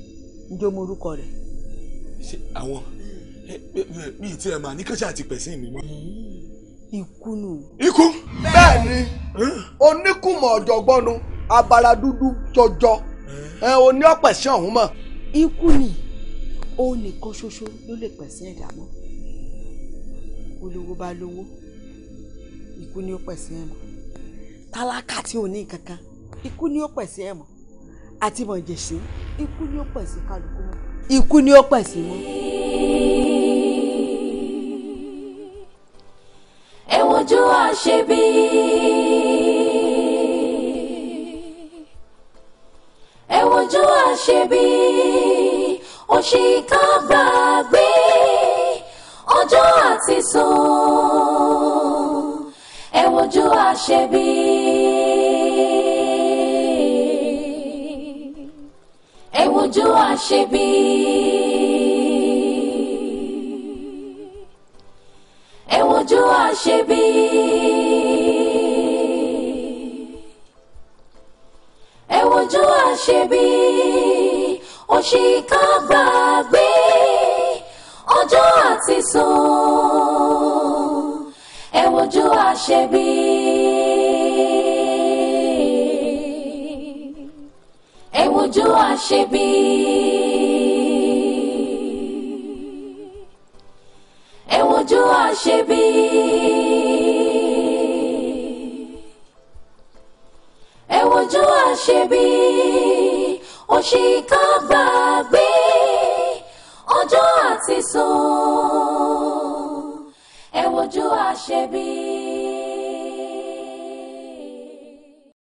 ǹjẹ́ mo orúkọ rẹ̀. ṣé àwọn mi ì tiẹ̀ máa ní kọ́ṣà ti pẹ̀sìn mi mọ́. Hmm. ikú nù. ikú. bẹ́ẹ̀ ni oníkùmọ̀ ọ̀jọ̀gbọ́nu abara dúdú jọjọ ẹ oní ọ̀pẹ̀sìn ọ̀hún mọ̀. ikú ni ó nìkan ṣoṣo ló lè pẹ̀sìn ẹ̀dá mọ́ olówó bá lówó ikú ni ó pẹ̀sìn ẹ̀ mọ́ tálákà tí ò ní nǹkan kan ikú ni ó pẹ̀sìn ẹ̀ mọ́ àti mọ̀jẹ̀sí ikú ni ó pẹ̀sìn kálukú mọ́ ikú ni ó pẹ̀sìn mọ́. ẹ wojú àṣebí. ẹ wojú àṣebí àṣìkàgbà gbé ọjọ́ àti sùn ẹ wojú àṣebí. ẹ wojú àṣebí. ẹ wojú àṣebí. ẹ wojú àṣebí ṣìkà gbàgbé ọjọ́ àti sùn ẹ wojú àṣebí. ẹ wojú àṣebí. ẹ wojú àṣebí. ẹ wojú àṣebí òṣìkà gbàgbé ọjọ́ àti sùn ẹ wojú àṣebí.